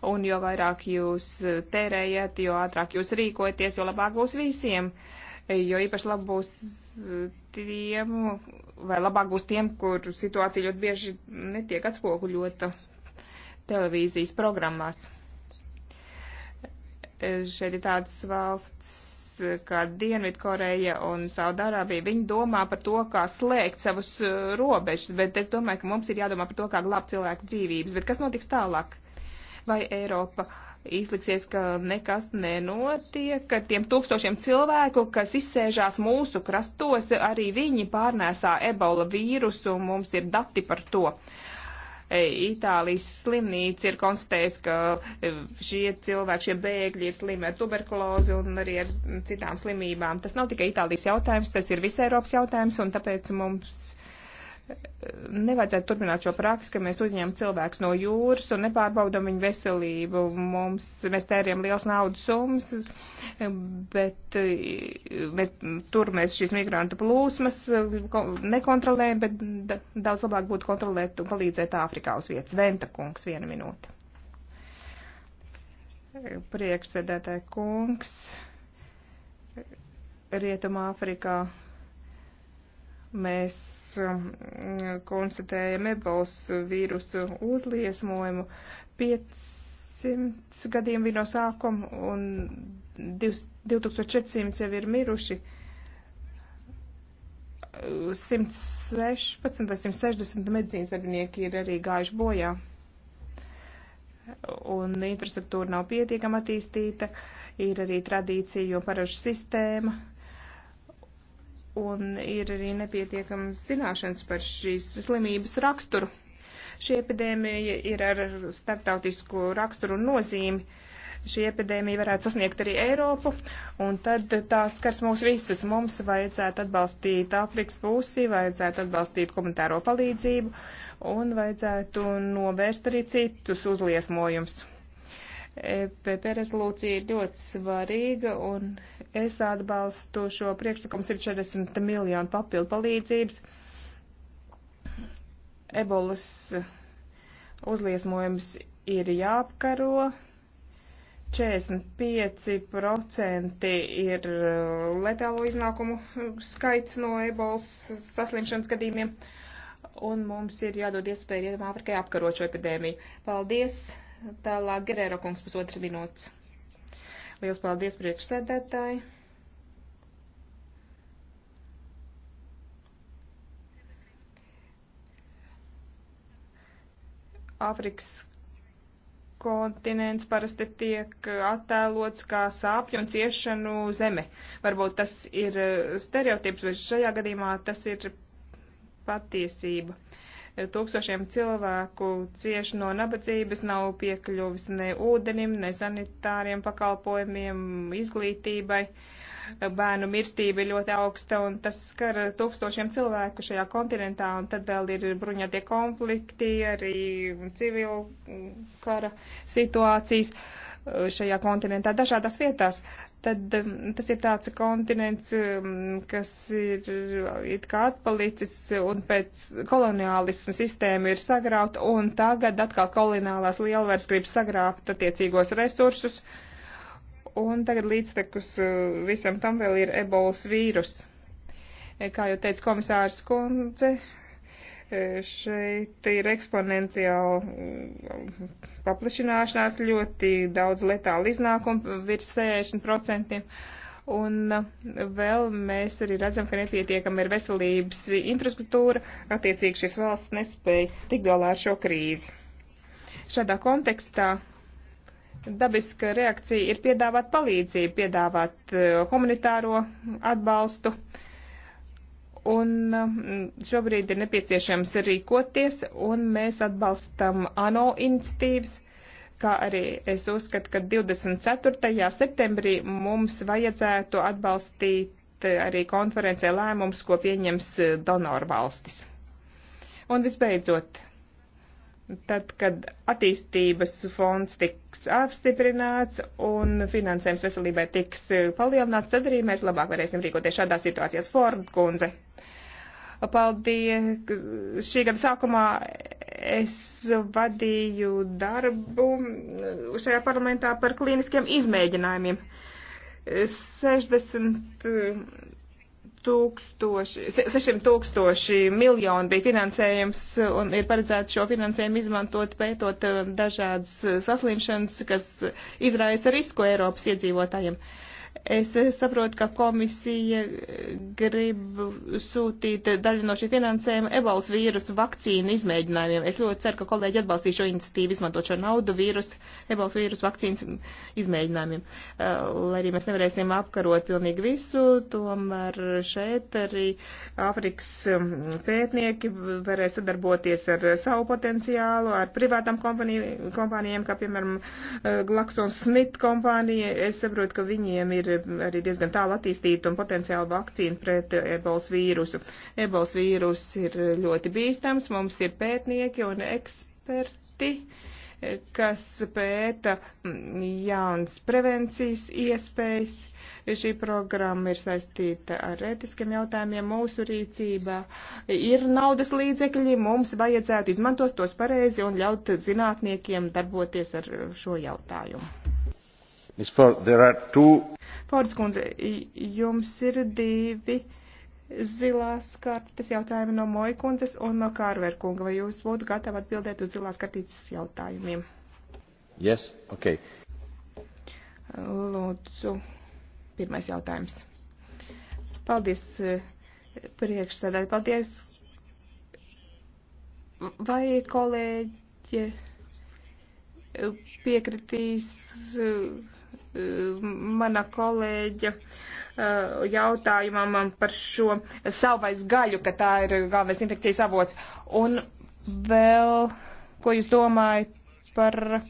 Un jo vairāk jūs tērējat, jo ātrāk jūs rīkoties, jo labāk būs visiem. Jo īpaši labāk būs tiem, vai labāk būs tiem, kur situācija ļoti bieži netiek atspoguļota televīzijas programmās. Šeit ir tādas valsts kā Dienvidkoreja un Saudārābija, viņi domā par to, kā slēgt savus uh, robežas, bet es domāju, ka mums ir jādomā par to, kā glābt cilvēku dzīvības. Bet kas notiks tālāk? Vai Eiropa izliksies, ka nekas nenotiek, ka tiem tūkstošiem cilvēku, kas izsēžās mūsu krastos, arī viņi pārnēsā ebola vīrusu, un mums ir dati par to. Uh, E, Itālijas slimnīca ir konstatējusi, ka e, šie cilvēki, šie bēgļi ir slimi ar tuberkulozi un arī ar citām slimībām. Tas nav tikai Itālijas jautājums, tas ir visai Eiropas jautājums, un tāpēc mums nevajadzētu turpināt šo praksi, ka mēs uzņemam cilvēkus no jūras un nepārbaudam viņu veselību. Mums, mēs tēriem liels naudas summas, bet eh, mēs, tur mēs šīs migrantu plūsmas eh, nekontrolējam, bet daudz labāk būtu kontrolēt un palīdzēt Āfrikā uz vietas. Venta kungs, viena minūte. Priekšsēdētāja kungs, Rietumā Āfrikā mēs Um, konstatējam ebols vīrusu uzliesmojumu 500 gadiem bija no sākuma un 2400 jau ir miruši. 116 vai 160 medicīnas darbinieki ir arī gājuši bojā. Un infrastruktūra nav pietiekama attīstīta, ir arī tradīcija un paražu sistēma un ir arī nepietiekams zināšanas par šīs slimības raksturu. Šī epidēmija ir ar starptautisku raksturu nozīmi. Šī epidēmija varētu sasniegt arī Eiropu, un tad tās skars mūs visus. Mums vajadzētu atbalstīt Āfrikas pusi, vajadzētu atbalstīt komunitāro palīdzību, un vajadzētu novērst arī citus uzliesmojumus. EPP rezolūcija ir ļoti svarīga, un es atbalstu šo priekšlikumu 140 miljonu papildu palīdzības. Ebolas uzliesmojums ir jāapkaro. 45% ir uh, letālo iznākumu skaits no ebolas saslimšanas gadījumiem, un mums ir jādod iespēja Rietumāfrikai apkarot šo epidēmiju. Paldies! Tālāk Gerēro kungs pusotras minūtes. Liels paldies priekšsēdētāji. Āfrikas kontinents parasti tiek attēlots kā sāpju un ciešanu zeme. Varbūt tas ir stereotips, bet šajā gadījumā tas ir patiesība. Uh, tūkstošiem cilvēku cieši no nabadzības, nav piekļuvis ne ūdenim, ne sanitāriem pakalpojumiem, izglītībai. Bērnu mirstība ir ļoti augsta, un tas skar tūkstošiem cilvēku šajā kontinentā, un tad vēl ir bruņotie konflikti, arī civilu kara situācijas. Uh, šajā kontinentā, dažādās vietās, tad um, tas ir tāds kontinents, um, kas ir uh, it kā atpalicis un pēc koloniālismu sistēma ir sagrauta un tagad atkal koloniālās lielvaras grib sagrābt attiecīgos resursus. Un tagad līdztekus uh, visam tam vēl ir ebolas vīrus. Kā jau teica komisārs Kundze, E, šeit ir eksponenciāla mm, paplašināšanās ļoti daudz letālu iznākumu virs 60%. Un e, vēl mēs arī redzam, ka nepietiekama ir veselības infrastruktūra, attiecīgi šis valsts nespēja tik galā ar šo krīzi. Šādā kontekstā dabiska reakcija ir piedāvāt palīdzību, piedāvāt e, humanitāro atbalstu. Uh, un um, šobrīd ir nepieciešams rīkoties, un mēs atbalstam ANO iniciatīvas, kā arī es uzskatu, ka 24. septembrī mums vajadzētu atbalstīt uh, arī konferencē lēmums, ko pieņems uh, donorvalstis. Un visbeidzot, tad, kad attīstības fonds tiks apstiprināts un finansējums veselībai tiks e, palielināts, tad arī mēs labāk varēsim rīkoties šādās situācijās. Ford kundze. Paldies. Šī gada sākumā es vadīju darbu šajā parlamentā par klīniskiem izmēģinājumiem. 60 tūkstoši, 600 tūkstoši miljoni bija finansējums un ir paredzēts šo finansējumu izmantot pētot eh, dažādas eh, saslimšanas, kas izraisa risku Eiropas iedzīvotājiem. Uh, Es saprotu, ka komisija grib sūtīt daļu no šī finansējuma ebolas vīrusu vakcīnu izmēģinājumiem. Es ļoti ceru, ka kolēģi atbalstīs šo iniciatīvu izmantot šo naudu vīrus, ebolas vīrusu vakcīnas izmēģinājumiem. Uh, lai arī mēs nevarēsim apkarot pilnīgi visu, tomēr šeit arī Āfrikas um, pētnieki varēs sadarboties ar savu potenciālu, ar privātām kompānijām, kā piemēram uh, Glaxon Smith kompānija. Es saprotu, ka viņiem ir ir eh, arī diezgan tālu attīstīta un potenciāla vakcīna pret eh, ebolas vīrusu. Ebolas vīrus ir ļoti bīstams, mums ir pētnieki un eksperti eh, kas pēta mm, jaunas prevencijas iespējas. Šī programma ir saistīta ar ētiskiem jautājumiem. Mūsu rīcībā ir naudas līdzekļi, mums vajadzētu izmantot tos pareizi un ļaut zinātniekiem darboties ar šo jautājumu. Miss Ford, there are two Fords kundze, jums ir divi zilās kartes jautājumi no Moja kundzes un no Kārver kunga. Vai jūs būtu gatavi atbildēt uz zilās kartītes jautājumiem? Yes, ok. Lūdzu, pirmais jautājums. Paldies, eh, priekšsēdētāji. Paldies. Vai kolēģi eh, piekritīs eh, mana kolēģa uh, jautājumam par šo savais gaļu, ka tā ir galvenais infekcijas avots. Un vēl, ko jūs domājat par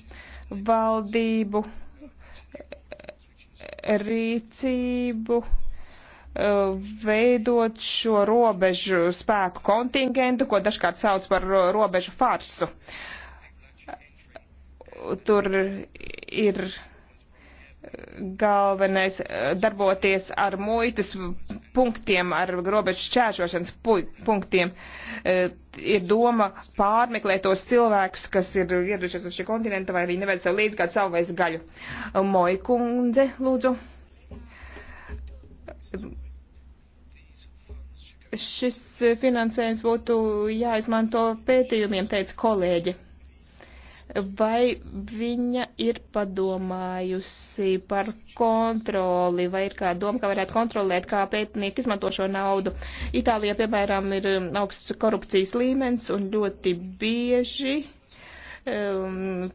valdību rīcību? Uh, veidot šo robežu spēku kontingentu, ko dažkārt sauc par robežu farsu. Tur ir galvenais eh, darboties ar muitas punktiem, ar robežu šķēršošanas punktiem. Eh, ir doma pārmeklēt tos cilvēkus, kas ir ieradušies uz šī kontinenta, vai arī neved sev līdz kādu savu vai gaļu. Moja kundze, lūdzu. Šis finansējums būtu jāizmanto pētījumiem, teica kolēģi vai viņa ir padomājusi par kontroli, vai ir kā doma, ka varētu kontrolēt, kā pētnieki izmanto šo naudu. Itālijā, piemēram, ir um, augsts korupcijas līmenis un ļoti bieži um,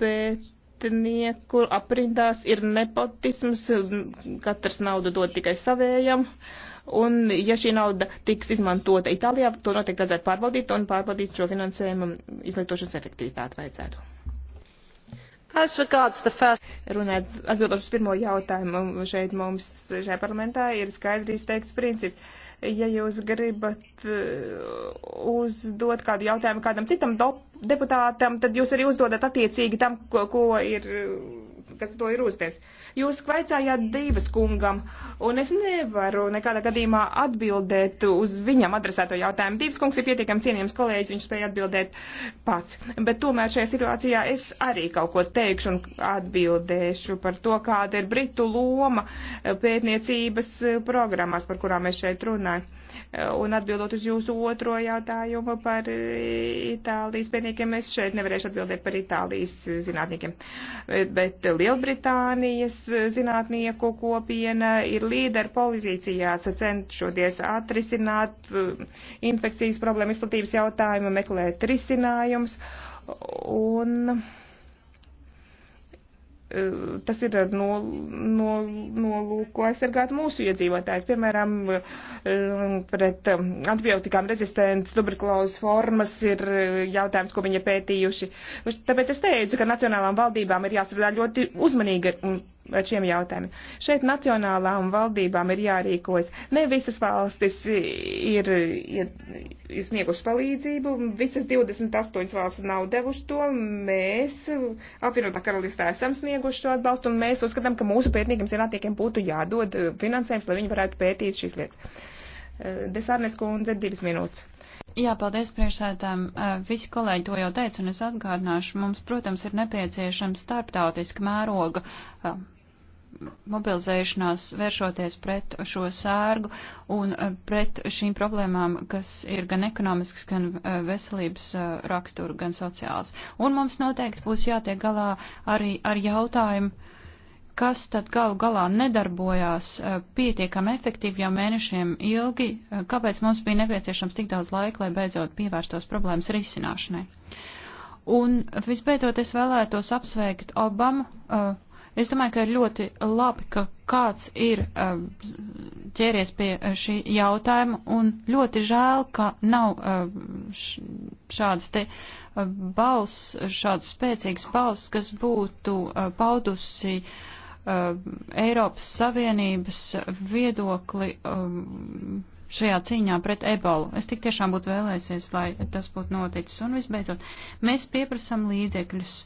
pētnieku aprindās ir nepotisms, katrs naudu dod tikai savējam. Uh, Un, ja šī nauda tiks izmantota Itālijā, to noteikti vajadzētu pārbaudīt un pārbaudīt šo finansējumu izlietošanas efektivitāti vajadzētu. First... Runājot, atbildot uz pirmo jautājumu, šeit mums, šajā parlamentā, ir skaidri izteikts princips. Ja jūs gribat uh, uzdot kādu jautājumu kādam citam deputātam, tad jūs arī uzdodat attiecīgi tam, ko, ko ir, uh, kas to ir uzdevis. Jūs vaicājāt divas kungam, un es nevaru nekādā gadījumā atbildēt uz viņam adresēto jautājumu. Divas kungs ir pietiekami cienījams kolēģis, viņš spēja atbildēt pats. Bet tomēr šajā situācijā es arī kaut ko teikšu un atbildēšu par to, kāda ir Britu loma pētniecības programmās, par kurām mēs šeit runājam Un atbildot uz jūsu otro jautājumu par Itālijas pētniekiem, es šeit nevarēšu atbildēt par Itālijas zinātniekiem. Bet Lielbritānijas zinātnieku kopiena ir līdera pozīcijā, cenšoties atrisināt uh, infekcijas problēmu izplatības jautājumu, meklēt risinājumus. Un Eh, tas ir ar no, no, nolūku aizsargāt mūsu iedzīvotājs. Piemēram, eh, pret eh, antibiotikām rezistents tuberkulozes formas ir jautājums, ko viņi pētījuši. Tāpēc es teicu, ka nacionālām valdībām ir jāstrādā ļoti uzmanīgi ar šiem jautājumiem. Šeit nacionālām valdībām ir jārīkojas. Ne visas valstis ir, ir, ir sniegušas palīdzību, visas 28 valstis nav devušas to. Mēs apvienotā karalistē esam snieguši šo atbalstu, un mēs uzskatām, ka mūsu pētniekiem zinātniekiem būtu jādod eh, finansējums, lai viņi varētu pētīt šīs lietas. Eh, Desārnes kundze, divas minūtes. Jā, paldies priekšsētām. Eh, visi kolēģi to jau teica, un es atgādināšu, mums, protams, ir nepieciešama starptautiska mēroga mobilizēšanās vēršoties pret šo sērgu un eh, pret šīm problēmām, kas ir gan ekonomisks, gan eh, veselības eh, rakstura, gan sociāls. Un mums noteikti būs jātiek galā arī ar jautājumu, kas tad galu galā nedarbojās pietiekami efektīvi jau mēnešiem ilgi, kāpēc mums bija nepieciešams tik daudz laika, lai beidzot pievērstos problēmas risināšanai. Un visbeidzot es vēlētos apsveikt Obamu, uh, Es domāju, ka ir ļoti labi, ka kāds ir um, ķēries pie uh, šī jautājuma, un ļoti žēl, ka nav um, šāds te um, balss, šāds spēcīgs balss, kas būtu uh, paudusi Eiropas Savienības viedokli šajā cīņā pret ebolu. Es tik tiešām būtu vēlēsies, lai tas būtu noticis. Un visbeidzot, mēs pieprasam līdzekļus,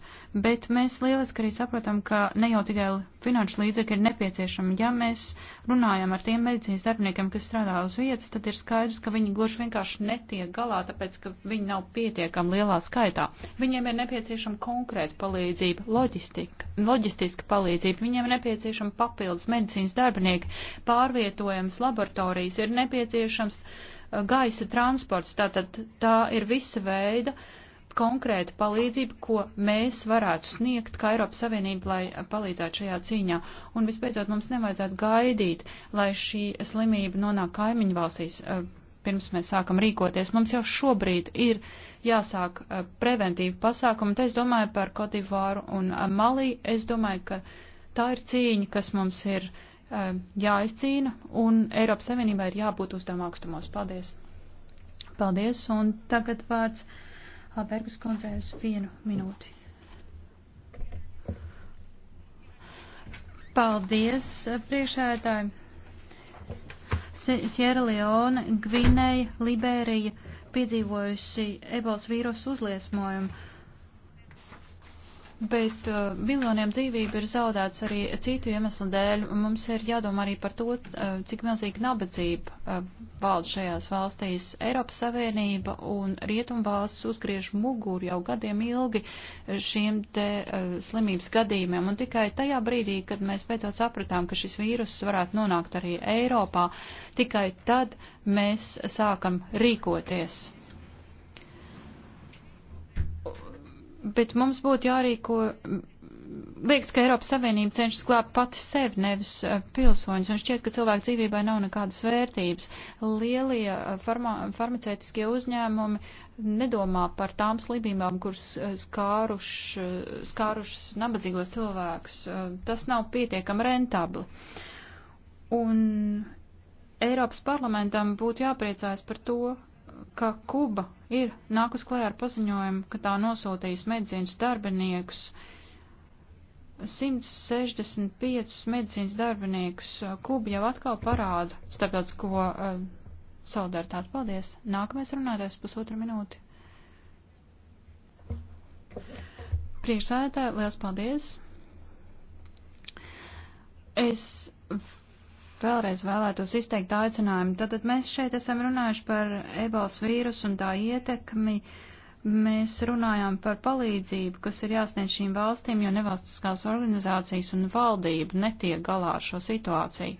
bet mēs lieliski arī saprotam, ka ne jau tikai finanšu līdzekļi ir nepieciešami. Ja mēs runājam ar tiem medicīnas darbiniekiem, kas strādā uz vietas, tad ir skaidrs, ka viņi gluži vienkārši netiek galā, tāpēc, ka viņi nav pietiekami lielā skaitā. Viņiem ir nepieciešama konkrēta palīdzība, loģistika, loģistiska palīdzība, viņiem ir nepieciešama papildus medicīnas darbinieki, pārvietojams laboratorijas, ir nepieciešams uh, gaisa transports, tātad tā ir visa veida uh, konkrēta palīdzība, ko mēs varētu sniegt kā Eiropas Savienība, lai palīdzētu šajā cīņā. Un visbeidzot, mums nevajadzētu gaidīt, lai šī slimība nonāk kaimiņu valstīs. Eh, pirms mēs sākam rīkoties, mums jau šobrīd ir jāsāk eh, preventīva pasākuma. Te es domāju par Kotivāru un eh, Malī. Es domāju, ka tā ir cīņa, kas mums ir jāizcīna, un Eiropas Savienībā ir jābūt uz tām augstumos. Paldies! Paldies, un tagad vārds. Vārds Bergus kundzei uz vienu minūti. Paldies, priekšētāji. Sierra Leone, Gvineja, Liberija piedzīvojusi ebols vīrusu uzliesmojumu Bet uh, miljoniem dzīvību ir zaudēts arī citu iemeslu dēļ. Mums ir jādomā arī par to, uh, cik milzīga nabadzība uh, valda šajās valstīs. Eiropas Savienība un Rietumvalsts uzgriež muguru jau gadiem ilgi šiem te uh, slimības gadījumiem. Un tikai tajā brīdī, kad mēs beidzot sapratām, ka šis vīrus varētu nonākt arī Eiropā, tikai tad mēs sākam rīkoties bet mums būtu jārīko, liekas, ka Eiropas Savienība cenšas glābt pati sevi, nevis eh, pilsoņus, un šķiet, ka cilvēku dzīvībai nav nekādas vērtības. Lielie eh, farma, farmacētiskie uzņēmumi nedomā par tām slimībām, kuras eh, skāruš, skārušas nabadzīgos cilvēkus. Tas nav pietiekami rentabli. Un Eiropas parlamentam būtu jāpriecājas par to, ka Kuba ir nākus klajā ar paziņojumu, ka tā nosūtīs medicīnas darbiniekus, 165 medicīnas darbiniekus. Kuba jau atkal parāda starptautisko uh, solidaritāti. Paldies! Nākamais runātājs pusotru minūti. Priekšsēdētāji, liels paldies! Es vēlreiz vēlētos izteikt aicinājumu. Tātad mēs šeit esam runājuši par ebols vīrusu un tā ietekmi. Mēs runājām par palīdzību, kas ir jāsniedz šīm valstīm, jo nevalstiskās organizācijas un valdība netiek galā ar šo situāciju.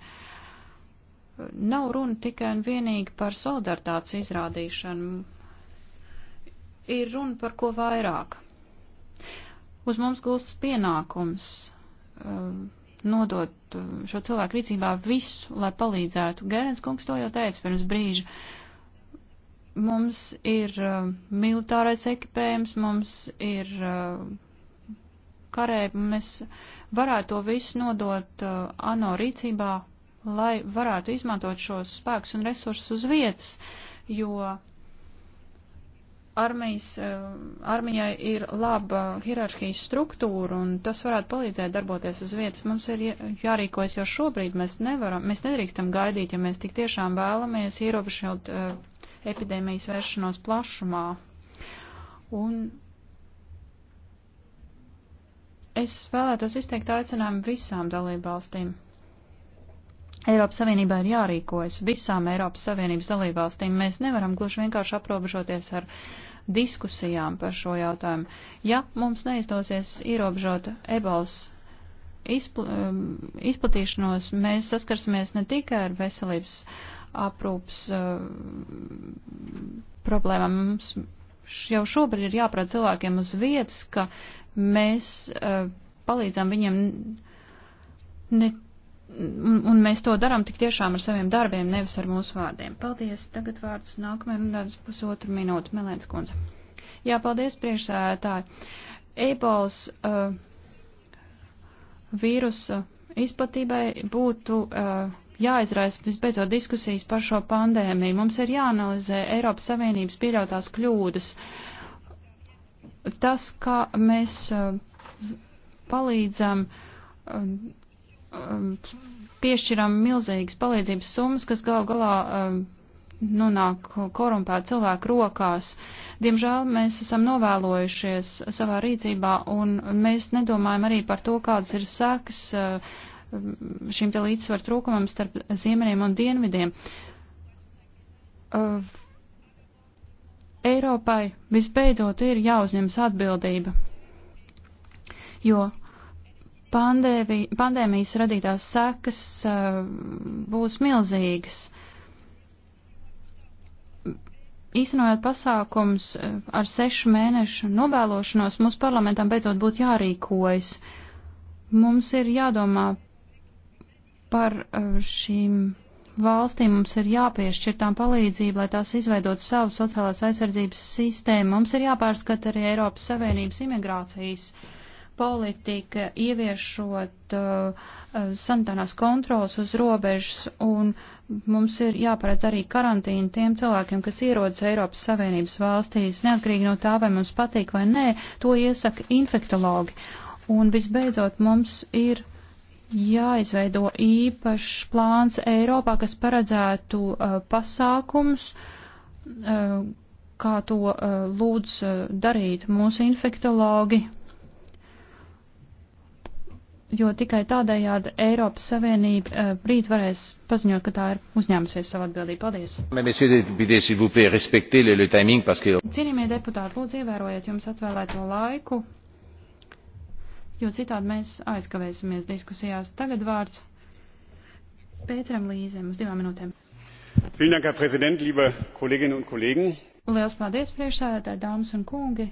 Nav runa tikai un vienīgi par solidaritātes izrādīšanu. Ir runa par ko vairāk. Uz mums gūstas pienākums. Um, nodot uh, šo cilvēku rīcībā visu, lai palīdzētu. Gērens kungs to jau teica pirms brīža. Mums ir uh, militārais ekipējums, mums ir uh, karēji, mēs varētu to visu nodot uh, ANO rīcībā, lai varētu izmantot šos spēkus un resursus uz vietas, jo armijas, eh, armijai ir laba hierarhijas struktūra un tas varētu palīdzēt darboties uz vietas. Mums ir jārīkojas jau šobrīd, mēs nevaram, mēs nedrīkstam gaidīt, ja mēs tik tiešām vēlamies ierobežot uh, epidēmijas vēršanos plašumā. Un es vēlētos izteikt aicinājumu visām dalībvalstīm Eiropas Savienībā ir jārīkojas visām Eiropas Savienības dalībvalstīm. Mēs nevaram gluži vienkārši aprobežoties ar diskusijām par šo jautājumu. Ja mums neizdosies ierobežot ebols izpl um, izplatīšanos, mēs saskarsimies ne tikai ar veselības aprūpas uh, problēmām. Mums jau šobrīd ir jāprāt cilvēkiem uz vietas, ka mēs uh, palīdzam viņiem ne un, un mēs to darām tik tiešām ar saviem darbiem, nevis ar mūsu vārdiem. Paldies. Tagad vārds nākamajam runātājs pusotru minūtu. Melēns kundze. Jā, paldies priekšsēdētāji. Ebols uh, vīrusa izplatībai būtu. Uh, jāizraisa visbeidzot diskusijas par šo pandēmiju. Mums ir jāanalizē Eiropas Savienības pieļautās kļūdas. Tas, kā mēs uh, palīdzam um, Um, piešķiram milzīgas palīdzības summas, kas gal galā um, nonāk korumpēta cilvēku rokās. Diemžēl mēs esam novēlojušies savā rīcībā un mēs nedomājam arī par to, kādas ir sekas um, šim te līdzsvaru trūkumam starp ziemeļiem un dienvidiem. Eiropai visbeidzot ir jāuzņemas atbildība, jo pandēvi, pandēmijas radītās sekas uh, būs milzīgas. Īstenojot pasākums uh, ar sešu mēnešu novēlošanos, mums parlamentam beidzot būtu jārīkojas. Mums ir jādomā par uh, šīm valstīm, mums ir jāpiešķir tām palīdzību, lai tās izveidot savu sociālās aizsardzības sistēmu. Mums ir jāpārskata arī Eiropas Savienības imigrācijas uh, politika, ieviešot uh, sanitārās kontrolas uz robežas, un mums ir jāparedz arī karantīna tiem cilvēkiem, kas ierodas Eiropas Savienības valstīs, neatkarīgi no tā, vai mums patīk vai nē, to iesaka infektologi. Un visbeidzot, mums ir jāizveido īpašs plāns Eiropā, kas paredzētu uh, pasākums, uh, kā to uh, lūdz uh, darīt mūsu infektologi jo tikai tādējādi Eiropas Savienība eh, brīd varēs paziņot, ka tā ir uzņēmusies savu atbildību. Paldies! Cienījamie deputāti, lūdzu ievērojiet jums atvēlēto laiku, jo citādi mēs aizkavēsimies diskusijās. Tagad vārds Pēteram Līzēm uz divām minūtēm. Vielen Dank, Herr Präsident, liebe Kolleginnen und Kollegen. Liels paldies, priekšsēdētāji, dāmas un kungi!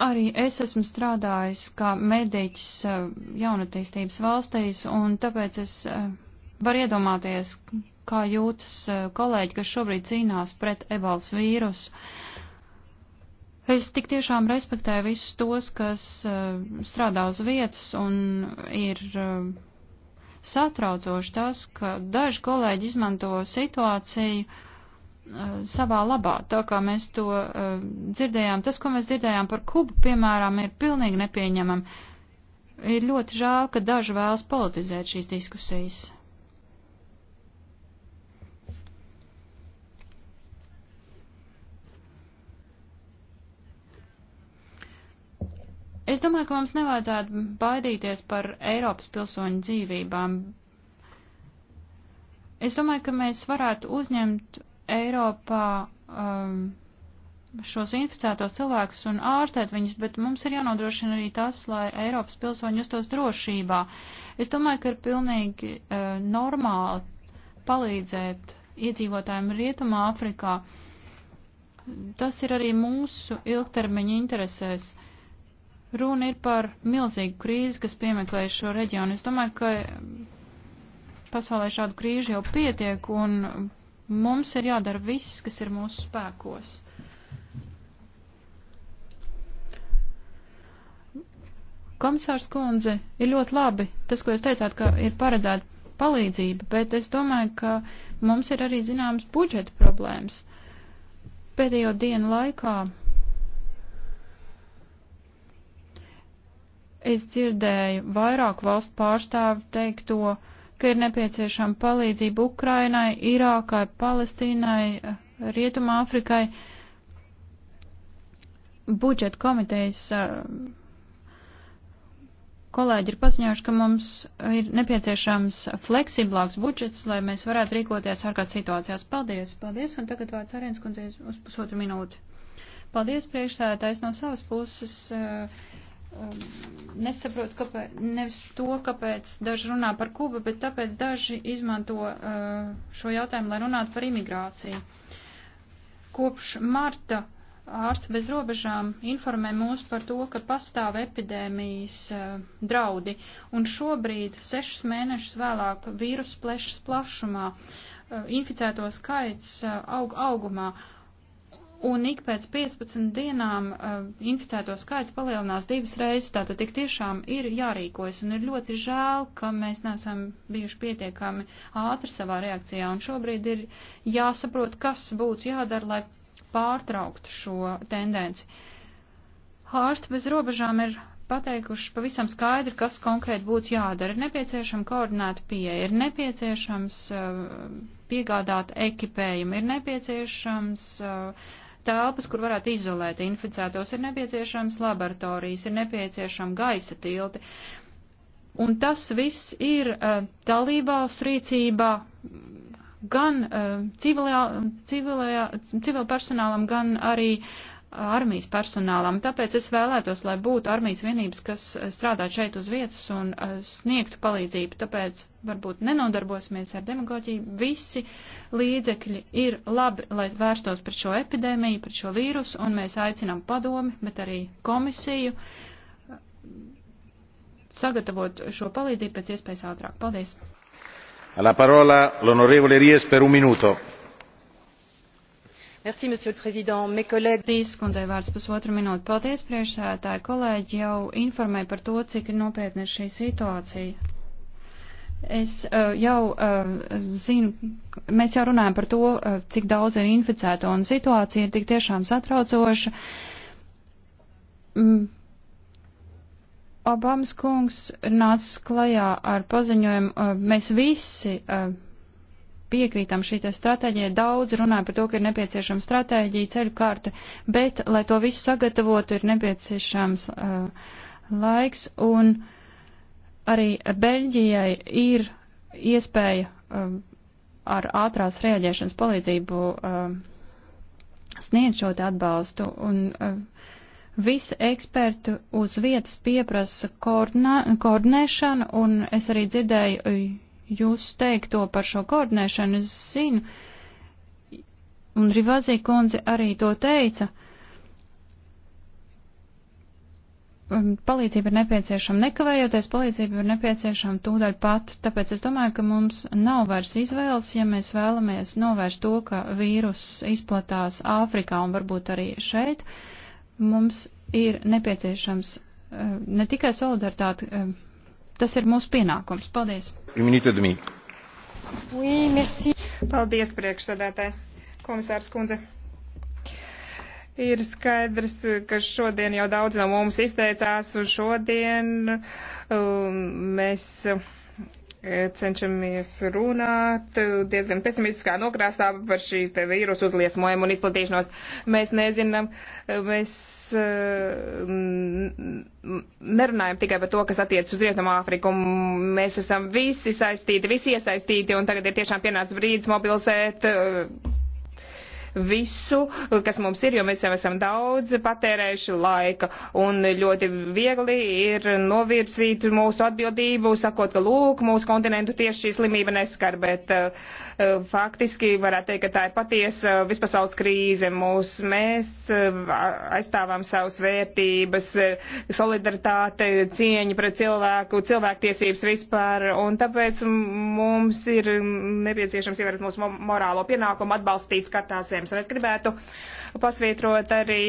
Arī es esmu strādājis kā mediķis eh, jaunatīstības valstīs, un tāpēc es eh, varu iedomāties, kā jūtas eh, kolēģi, kas šobrīd cīnās pret ebals vīrusu. Es tik tiešām respektēju visus tos, kas strādā uz vietas un ir satraucoši tas, ka daži kolēģi izmanto situāciju, Eh, savā labā, tā kā mēs to uh, dzirdējām. Tas, ko mēs dzirdējām par Kubu, piemēram, ir pilnīgi nepieņemam. Ir ļoti žēl, ka daži vēlas politizēt šīs diskusijas. Es domāju, ka mums nevajadzētu baidīties par Eiropas pilsoņu dzīvībām. Es domāju, ka mēs varētu uzņemt Eiropā um, šos inficētos cilvēkus un ārstēt viņus, bet mums ir jānodrošina arī tas, lai Eiropas pilsoņi justos drošībā. Es domāju, ka ir pilnīgi uh, normāli palīdzēt iedzīvotājiem Rietumā Afrikā. Tas ir arī mūsu ilgtermiņa interesēs. Runa ir par milzīgu krīzi, kas piemeklē šo reģionu. Es domāju, ka um, pasaulē šādu krīžu jau pietiek un Mums ir jādara viss, kas ir mūsu spēkos. Komisārs Kundze, ir ļoti labi tas, ko jūs teicāt, ka ir paredzēta palīdzība, bet es domāju, ka mums ir arī zināmas budžeta problēmas. Pēdējo dienu laikā es dzirdēju vairāku valstu pārstāvu teikt to, ka ir nepieciešama palīdzība Ukrainai, Irākai, Palestīnai, Rietumā Afrikai. Budžeta komitejas eh, kolēģi ir paziņojuši, ka mums ir nepieciešams fleksiblāks budžets, lai mēs varētu rīkoties ārkārtas situācijās. Paldies, paldies, un tagad vārds Arēns kundzei uz pusotru minūti. Paldies priekšsēdētājs no savas puses. Uh, Um, nesaprotu, kāpēc, nevis to, kāpēc daži runā par Kubu, bet tāpēc daži izmanto uh, šo jautājumu, lai runātu par imigrāciju. Kopš marta ārsti bez robežām informē mūs par to, ka pastāv epidēmijas uh, draudi, un šobrīd, sešus mēnešus vēlāk, vīrus plešas plašumā, uh, inficēto skaits uh, aug augumā, un ik pēc 15 dienām uh, inficēto skaits palielinās divas reizes, tātad tik tiešām ir jārīkojas, un ir ļoti žēl, ka mēs neesam bijuši pietiekami ātri savā reakcijā, un šobrīd ir jāsaprot, kas būtu jādara, lai pārtrauktu šo tendenci. Hārsti bez robežām ir pateikuši pavisam skaidri, kas konkrēti būtu jādara. Ir nepieciešama koordinēta pieeja, ir nepieciešams uh, piegādāt ekipējumu, ir nepieciešams uh, telpas, kur varētu izolēt inficētos, ir nepieciešams laboratorijas, ir nepieciešama gaisa tilti. Un tas viss ir uh, eh, dalībvalstu rīcībā gan uh, civilajā, civilajā, civil personālam, gan arī uh, armijas personālam. Tāpēc es vēlētos, lai būtu armijas vienības, kas eh, strādā šeit uz vietas un eh, sniegtu palīdzību. Tāpēc varbūt nenodarbosimies ar demagoģiju. Visi līdzekļi ir labi, lai vērstos pret šo epidēmiju, pret šo vīrusu, un mēs aicinām padomi, bet arī komisiju eh, sagatavot šo palīdzību pēc iespējas ātrāk. Paldies! La parola l'onorevole Ries per un minuto monsieur le président mes collègues Rīskundzei vārds pusotru minūti. Paldies, priekšsēdētāji. Kolēģi jau informēja par to, cik nopietna ir šī situācija. Es uh, jau uh, zinu, mēs jau runājam par to, uh, cik daudz ir inficēto, un situācija ir tik tiešām satraucoša. Mm. Obamas kungs nāca klajā ar paziņojumu, uh, mēs visi. Uh, piekrītam šī stratēģija. Daudz runāja par to, ka ir nepieciešama stratēģija, ceļu kārta, bet, lai to visu sagatavotu, ir nepieciešams uh, laiks, un arī Beļģijai ir iespēja uh, ar ātrās rēģēšanas palīdzību uh, sniegt šo atbalstu. Un, uh, Visi eksperti uz vietas pieprasa koordinēšanu, un es arī dzirdēju jūsu teikto par šo koordinēšanu, es zinu, un Rivazī kundze arī to teica. Palīdzība ir nepieciešama nekavējoties, palīdzība ir nepieciešama tūdaļ pat, tāpēc es domāju, ka mums nav vairs izvēles, ja mēs vēlamies novērst to, ka vīrus izplatās Āfrikā un varbūt arī šeit. Mums ir nepieciešams eh, ne tikai solidaritāte eh, Tas ir mūsu pienākums. Paldies! Oui, merci. Paldies, priekšsēdētāji, komisārs kundze. Ir skaidrs, ka šodien jau daudz no mums izteicās, un šodien um, mēs. Uh, cenšamies runāt eh, diezgan pesimistiskā nokrāsā par šīs vīrusu uzliesmojumu un izplatīšanos. Mēs nezinām, eh, mēs eh, nerunājam tikai par to, kas attiecas uz Rietumu Āfriku. Mēs esam visi saistīti, visi iesaistīti, un tagad ir tiešām pienācis brīdis mobilizēt visu, kas mums ir, jo mēs jau esam daudz patērējuši laika. Un ļoti viegli ir novirzīt mūsu atbildību, sakot, ka lūk, mūsu kontinentu tieši šī slimība neskar, bet uh, faktiski varētu teikt, ka tā ir patiesa vispasaules krīze. Mūs, mēs uh, eh, aizstāvām savas vērtības, solidaritāte, cieņa pret cilvēku, cilvēktiesības vispār, un tāpēc mums ir nepieciešams ievērot mūsu morālo pienākumu atbalstīt skatās jautājums. Un es gribētu pasvītrot arī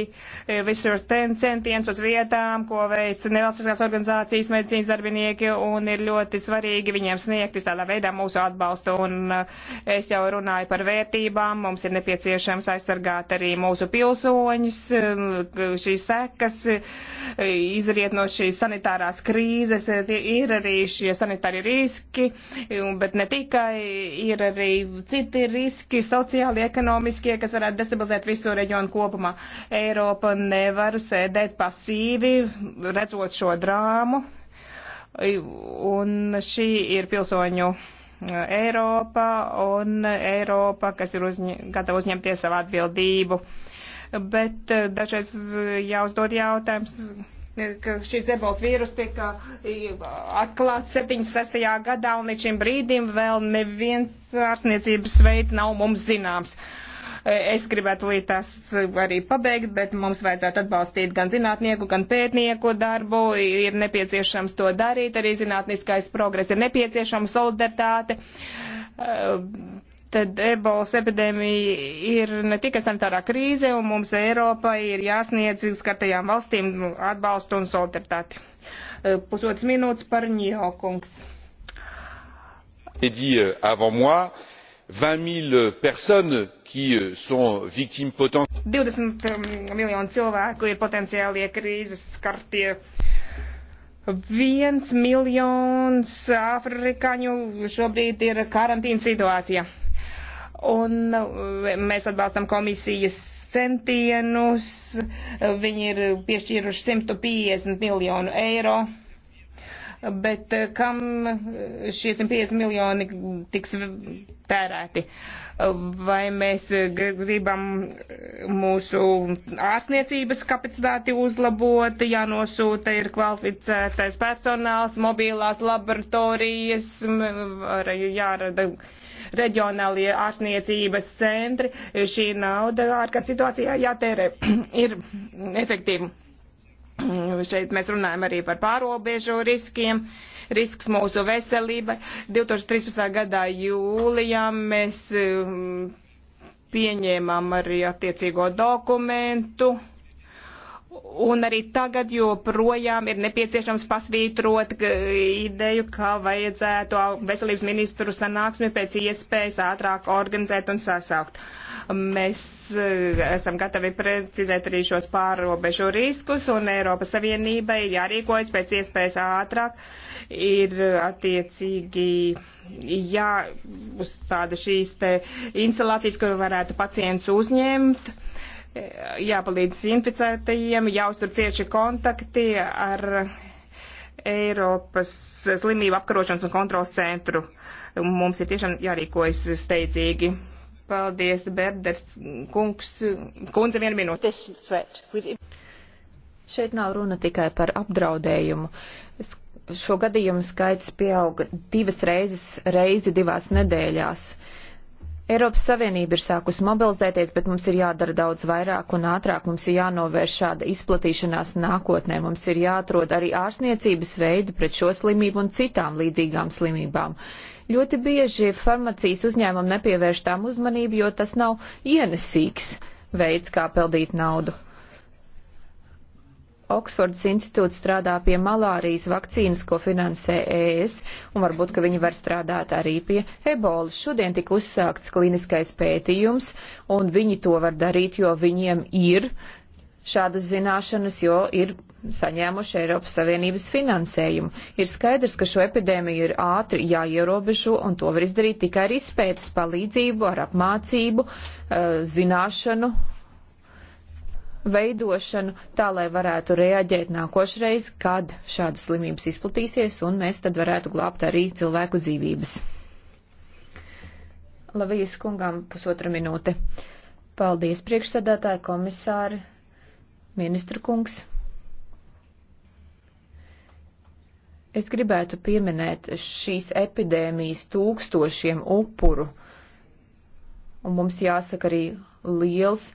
e, visus centienus uz vietām, ko veic nevalstiskās organizācijas medicīnas darbinieki, un ir ļoti svarīgi viņiem sniegt visādā veidā mūsu atbalstu. Un e, es jau runāju par vērtībām, mums ir nepieciešams aizsargāt arī mūsu pilsoņus. E, šīs sekas izriet no šīs sanitārās krīzes, ir arī šie sanitāri riski, bet ne tikai, ir arī citi riski, sociāli, ekonomiskie, kas varētu destabilizēt visu reģionu reģionu kopumā. Eiropa nevar sēdēt pasīvi, redzot šo drāmu, un šī ir pilsoņu e, Eiropa, un Eiropa, kas ir uzņ gatava uzņemties savu atbildību. Bet e, dažreiz jāuzdod jautājums, e, ka šis ebols vīrus tika atklāts 76. gadā un līdz šim brīdim vēl neviens ārstniecības veids nav mums zināms. Uh, Es gribētu līdz tās arī pabeigt, bet mums vajadzētu atbalstīt gan zinātnieku, gan pētnieku darbu. Ir nepieciešams to darīt, arī zinātniskais progress ir nepieciešama solidaritāte. Tad ebolas epidēmija ir ne tikai sanitārā krīze, un mums Eiropai ir jāsniedz skartajām valstīm atbalstu un solidaritāti. Pusotras minūtes par Ņokungs et dit euh, avant moi vingt zéro personnes qui euh, sont victimes potentielles. 20 um, miljonu cilvēku ir potenciālie krīzes skartie. Viens miljons afrikāņu šobrīd ir karantīna situācijā. Un uh, mēs atbalstam komisijas centienus. Viņi ir piešķīruši 150 miljonu eiro bet eh, kam eh, šie 150 miljoni tiks tērēti? Vai mēs eh, gribam mūsu ārstniecības kapacitāti uzlabot, jānosūta ir kvalificētais personāls, mobilās laboratorijas, jārada reģionālie ārstniecības centri. Šī nauda ārkārtas situācijā jātērē (clears throat) ir efektīva Mm, šeit mēs runājam arī par pārobežu riskiem, risks mūsu veselībai. 2013. gadā jūlijā mēs mm, pieņēmām arī attiecīgo dokumentu. Un arī tagad joprojām ir nepieciešams pasvītrot ideju, ka vajadzētu veselības ministru sanāksmi pēc iespējas ātrāk organizēt un sasaukt. Mēs Eh, esam gatavi precizēt arī šos pārobežu riskus, un Eiropas Savienībai ir jārīkojas pēc iespējas ātrāk, ir eh, attiecīgi jāuzstāda šīs te instalācijas, kur varētu pacients uzņemt eh, jāpalīdz inficētajiem, jāuztur cieši kontakti ar Eiropas slimību apkarošanas un kontrolas centru. Mums ir tiešām jārīkojas steidzīgi. Paldies, Berders kungs, kundze vienu minūti. Šeit nav runa tikai par apdraudējumu. Šo gadījumu skaits pieauga divas reizes, reizi divās nedēļās. Uh, Eiropas Savienība ir sākusi mobilizēties, bet mums ir jādara daudz vairāk un ātrāk. Mums ir jānovērš šāda izplatīšanās nākotnē. Mums ir jāatrod arī ārsniecības veidi pret šo slimību un citām līdzīgām slimībām. Ļoti bieži farmacijas uzņēmumi nepievērš tām uzmanību, jo tas nav ienesīgs veids, kā peldīt naudu. Oksfordas institūts strādā pie malārijas vakcīnas, ko finansē ES, un varbūt, ka viņi var strādāt arī pie ebolas. Šodien tika uzsākts kliniskais pētījums, un viņi to var darīt, jo viņiem ir šādas zināšanas, jo ir saņēmuši Eiropas Savienības finansējumu. Ir skaidrs, ka šo epidēmiju ir ātri jāierobežo, un to var izdarīt tikai ar izpētes palīdzību, ar apmācību, eh, zināšanu veidošanu, tā lai varētu reaģēt nākošreiz, kad šādas slimības izplatīsies, un mēs tad varētu glābt arī cilvēku dzīvības. Lavijas kungām pusotra minūte. Paldies, priekšsēdētāji, komisāri, ministra kungs. Es gribētu pieminēt šīs epidēmijas tūkstošiem upuru, un mums jāsaka arī liels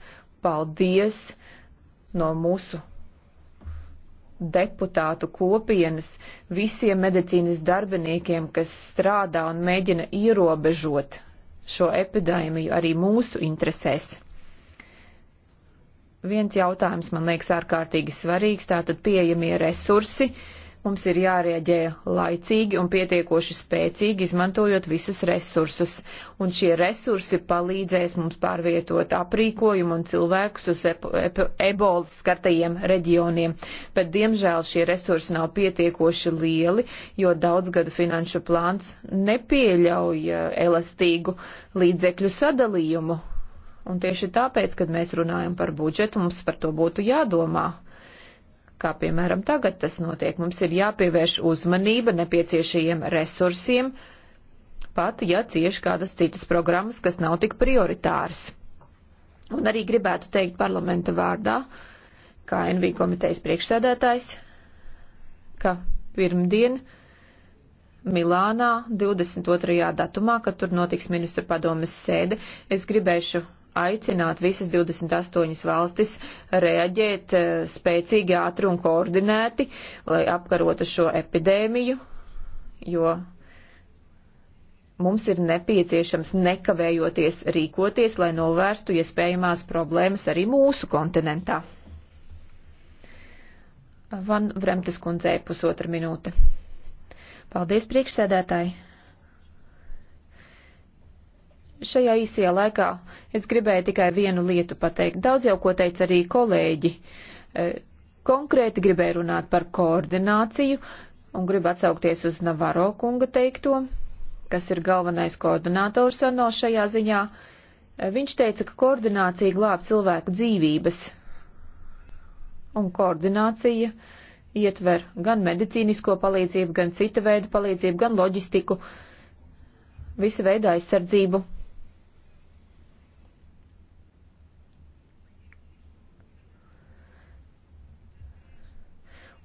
paldies uh, no mūsu deputātu kopienas visiem medicīnas darbiniekiem, kas strādā un mēģina ierobežot šo epidēmiju arī mūsu interesēs. Viens jautājums man liekas ārkārtīgi svarīgs, tātad pieejamie resursi, uh, Mums ir jārēģē laicīgi un pietiekoši spēcīgi, izmantojot visus resursus, un šie resursi palīdzēs mums pārvietot aprīkojumu un cilvēkus uz ebolas skartajiem reģioniem. Bet, diemžēl, šie resursi nav pietiekoši lieli, jo daudzgadu finanšu plāns nepieļauj eh, elastīgu līdzekļu sadalījumu. Un tieši tāpēc, kad mēs runājam par budžetu, mums par to būtu jādomā kā piemēram tagad tas notiek. Mums ir jāpievērš uzmanība nepieciešajiem resursiem, pat ja cieši kādas citas programmas, kas nav tik prioritāras. Un arī gribētu teikt parlamenta vārdā, kā NV komitejas priekšsēdētājs, ka pirmdien Milānā 22. datumā, kad tur notiks ministru padomes sēde, es gribēšu aicināt visas 28 valstis reaģēt eh, spēcīgi, ātri un koordinēti, lai apkarotu šo epidēmiju, jo mums ir nepieciešams nekavējoties rīkoties, lai novērstu iespējamās problēmas arī mūsu kontinentā. Van Vremtes kundzei pusotra minūte. Paldies priekšsēdētāji! Šajā īsajā laikā es gribēju tikai vienu lietu pateikt. Daudz jau ko teica arī kolēģi. E, konkrēti gribēju runāt par koordināciju un gribu atsaukties uz Navaro kunga teikto, kas ir galvenais koordinātors ANO šajā ziņā. E, viņš teica, ka koordinācija glāb cilvēku dzīvības, un koordinācija ietver gan medicīnisko palīdzību, gan cita veida palīdzību, gan loģistiku, visa veida aizsardzību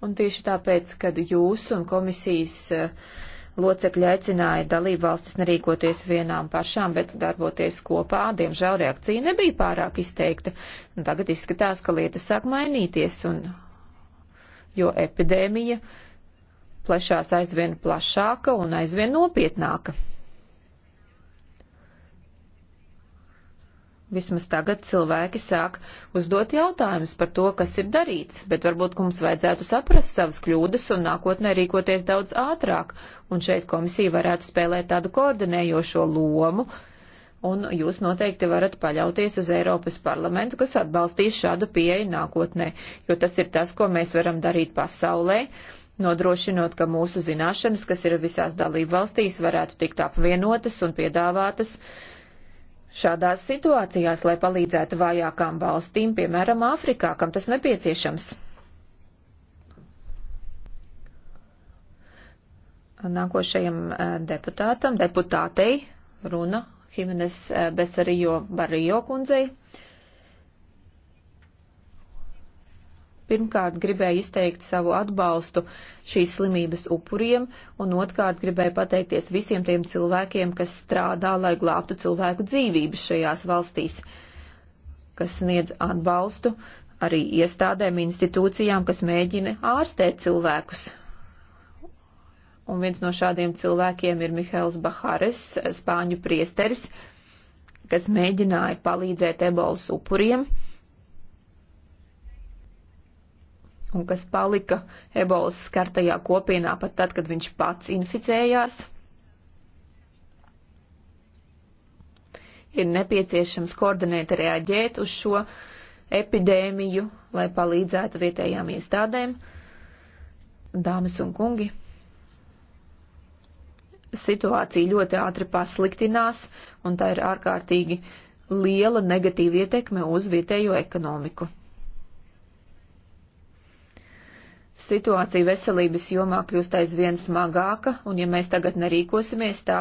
Un tieši tāpēc, kad jūs un komisijas eh, locekļi aicināja dalību valstis nerīkoties vienām pašām, bet darboties kopā, diemžēl reakcija nebija pārāk izteikta. Un tagad izskatās, ka lietas sāk mainīties, un, jo epidēmija plešās aizvien plašāka un aizvien nopietnāka. Vismaz tagad cilvēki sāk uzdot jautājumus par to, kas ir darīts, bet varbūt mums vajadzētu saprast savas kļūdas un nākotnē rīkoties daudz ātrāk, un šeit komisija varētu spēlēt tādu koordinējošo lomu, un jūs noteikti varat paļauties uz Eiropas parlamentu, kas atbalstīs šādu pieeju nākotnē, jo tas ir tas, ko mēs varam darīt pasaulē, nodrošinot, ka mūsu zināšanas, kas ir visās dalībvalstīs, varētu tikt apvienotas un piedāvātas uh, šādās situācijās, lai palīdzētu vājākām valstīm, piemēram, Āfrikā, kam tas nepieciešams. Nākošajam eh, deputātam, deputātei, runa Himenes eh, Besarijo Barijo kundzei. Pirmkārt, gribēju izteikt savu atbalstu šīs slimības upuriem, un otrkārt, gribēju pateikties visiem tiem cilvēkiem, kas strādā, lai glābtu cilvēku dzīvības šajās valstīs, kas sniedz atbalstu arī iestādēm, institūcijām, kas mēģina ārstēt cilvēkus. Un viens no šādiem cilvēkiem ir Mihails Bahares, spāņu priesteris, kas mēģināja palīdzēt ebolas upuriem. un kas palika ebolas skartajā kopienā pat tad, kad viņš pats inficējās. Ir nepieciešams koordinēt reaģēt uz šo epidēmiju, lai palīdzētu vietējām iestādēm. Dāmas un kungi, situācija ļoti ātri pasliktinās, un tā ir ārkārtīgi liela negatīva ietekme uz vietējo ekonomiku. Situācija veselības jomā kļūst aizvien smagāka, un ja mēs tagad nerīkosimies tā,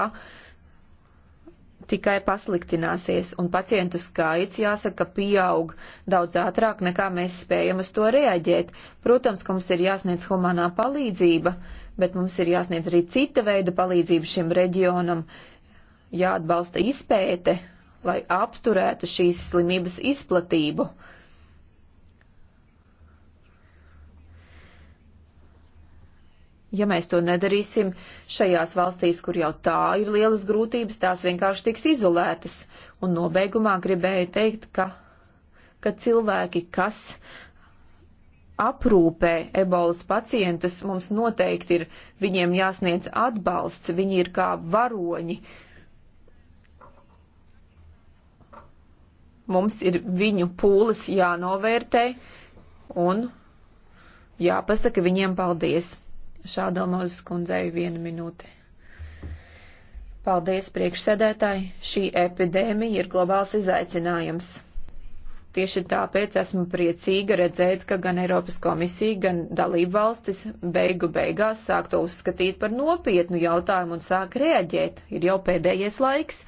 tikai pasliktināsies, un pacientu skaits, jāsaka, pieaug daudz ātrāk, nekā mēs spējam uz to reaģēt. Protams, ka mums ir jāsniedz humanā palīdzība, bet mums ir jāsniedz arī cita veida palīdzība šim reģionam, jāatbalsta izpēte, lai apturētu šīs slimības izplatību. Ja mēs to nedarīsim šajās valstīs, kur jau tā ir lielas grūtības, tās vienkārši tiks izolētas. Un nobeigumā gribēju teikt, ka, ka cilvēki, kas aprūpē ebolas pacientus, mums noteikti ir viņiem jāsniedz atbalsts, viņi ir kā varoņi. Mums ir viņu pūles jānovērtē un jāpasaka viņiem paldies. Šādalmozes kundzei viena minūte. Paldies priekšsēdētāji, šī epidēmija ir globāls izaicinājums. Tieši tāpēc esmu priecīga redzēt, ka gan Eiropas komisija, gan dalību valstis beigu beigās sāk to uzskatīt par nopietnu jautājumu un sāk rēģēt. Ir jau pēdējais laiks.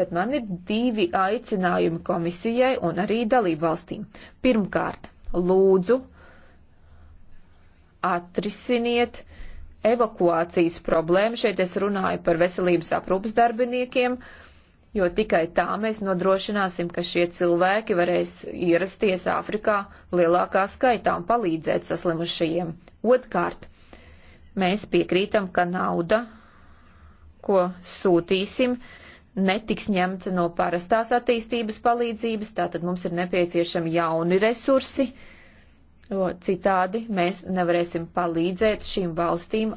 Bet man ir divi aicinājumi komisijai un arī dalību valstīm. Pirmkārt, lūdzu, uh, atrisiniet evakuācijas problēmu. Šeit es runāju par veselības aprūpas darbiniekiem, jo tikai tā mēs nodrošināsim, ka šie cilvēki varēs ierasties Āfrikā lielākā skaitā un palīdzēt saslimušajiem. Otkārt, mēs piekrītam, ka nauda, ko sūtīsim, netiks ņemta no parastās attīstības palīdzības, tātad mums ir nepieciešami jauni resursi, uh, jo citādi mēs nevarēsim palīdzēt šīm valstīm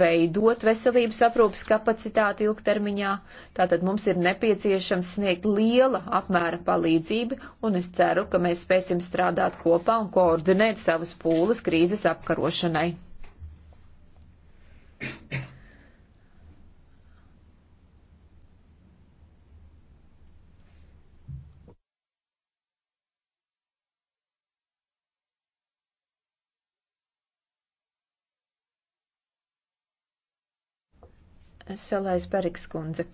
veidot veselības aprūpas kapacitāti ilgtermiņā. Tātad mums ir nepieciešams sniegt liela apmēra palīdzību, un es ceru, ka mēs spēsim strādāt kopā un koordinēt savas pūles krīzes apkarošanai. Solais Bariks kundze.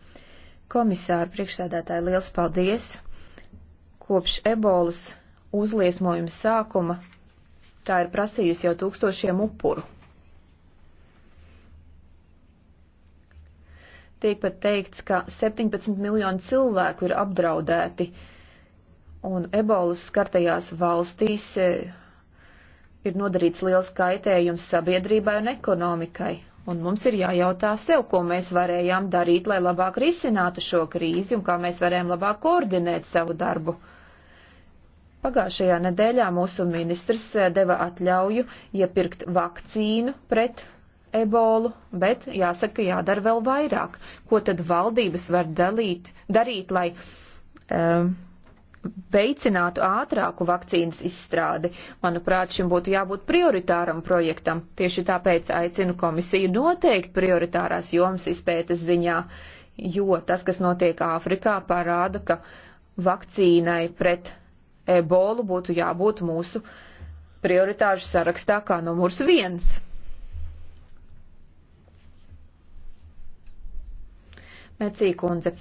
Komisāra priekšsēdētāja, liels paldies! Kopš ebolas uzliesmojuma sākuma tā ir prasījusi jau tūkstošiem upuru. Tiek pat teikts, ka 17 miljoni cilvēku ir apdraudēti, un ebolas skartajās valstīs eh, ir nodarīts liels kaitējums sabiedrībai un ekonomikai. Un mums ir jājautā sev, ko mēs varējām darīt, lai labāk risinātu šo krīzi un kā mēs varējām labāk koordinēt savu darbu. Pagājušajā nedēļā mūsu ministrs eh, deva atļauju iepirkt vakcīnu pret ebolu, bet jāsaka, jādara vēl vairāk. Ko tad valdības var dalīt, darīt, lai um, veicinātu ātrāku vakcīnas izstrādi. Manuprāt, šim būtu jābūt prioritāram projektam. Tieši tāpēc aicinu komisiju noteikt prioritārās jomas izpētes ziņā, jo tas, kas notiek Āfrikā, parāda, ka vakcīnai pret ebolu būtu jābūt mūsu prioritāšu sarakstā kā numurs viens. Mecīkundze.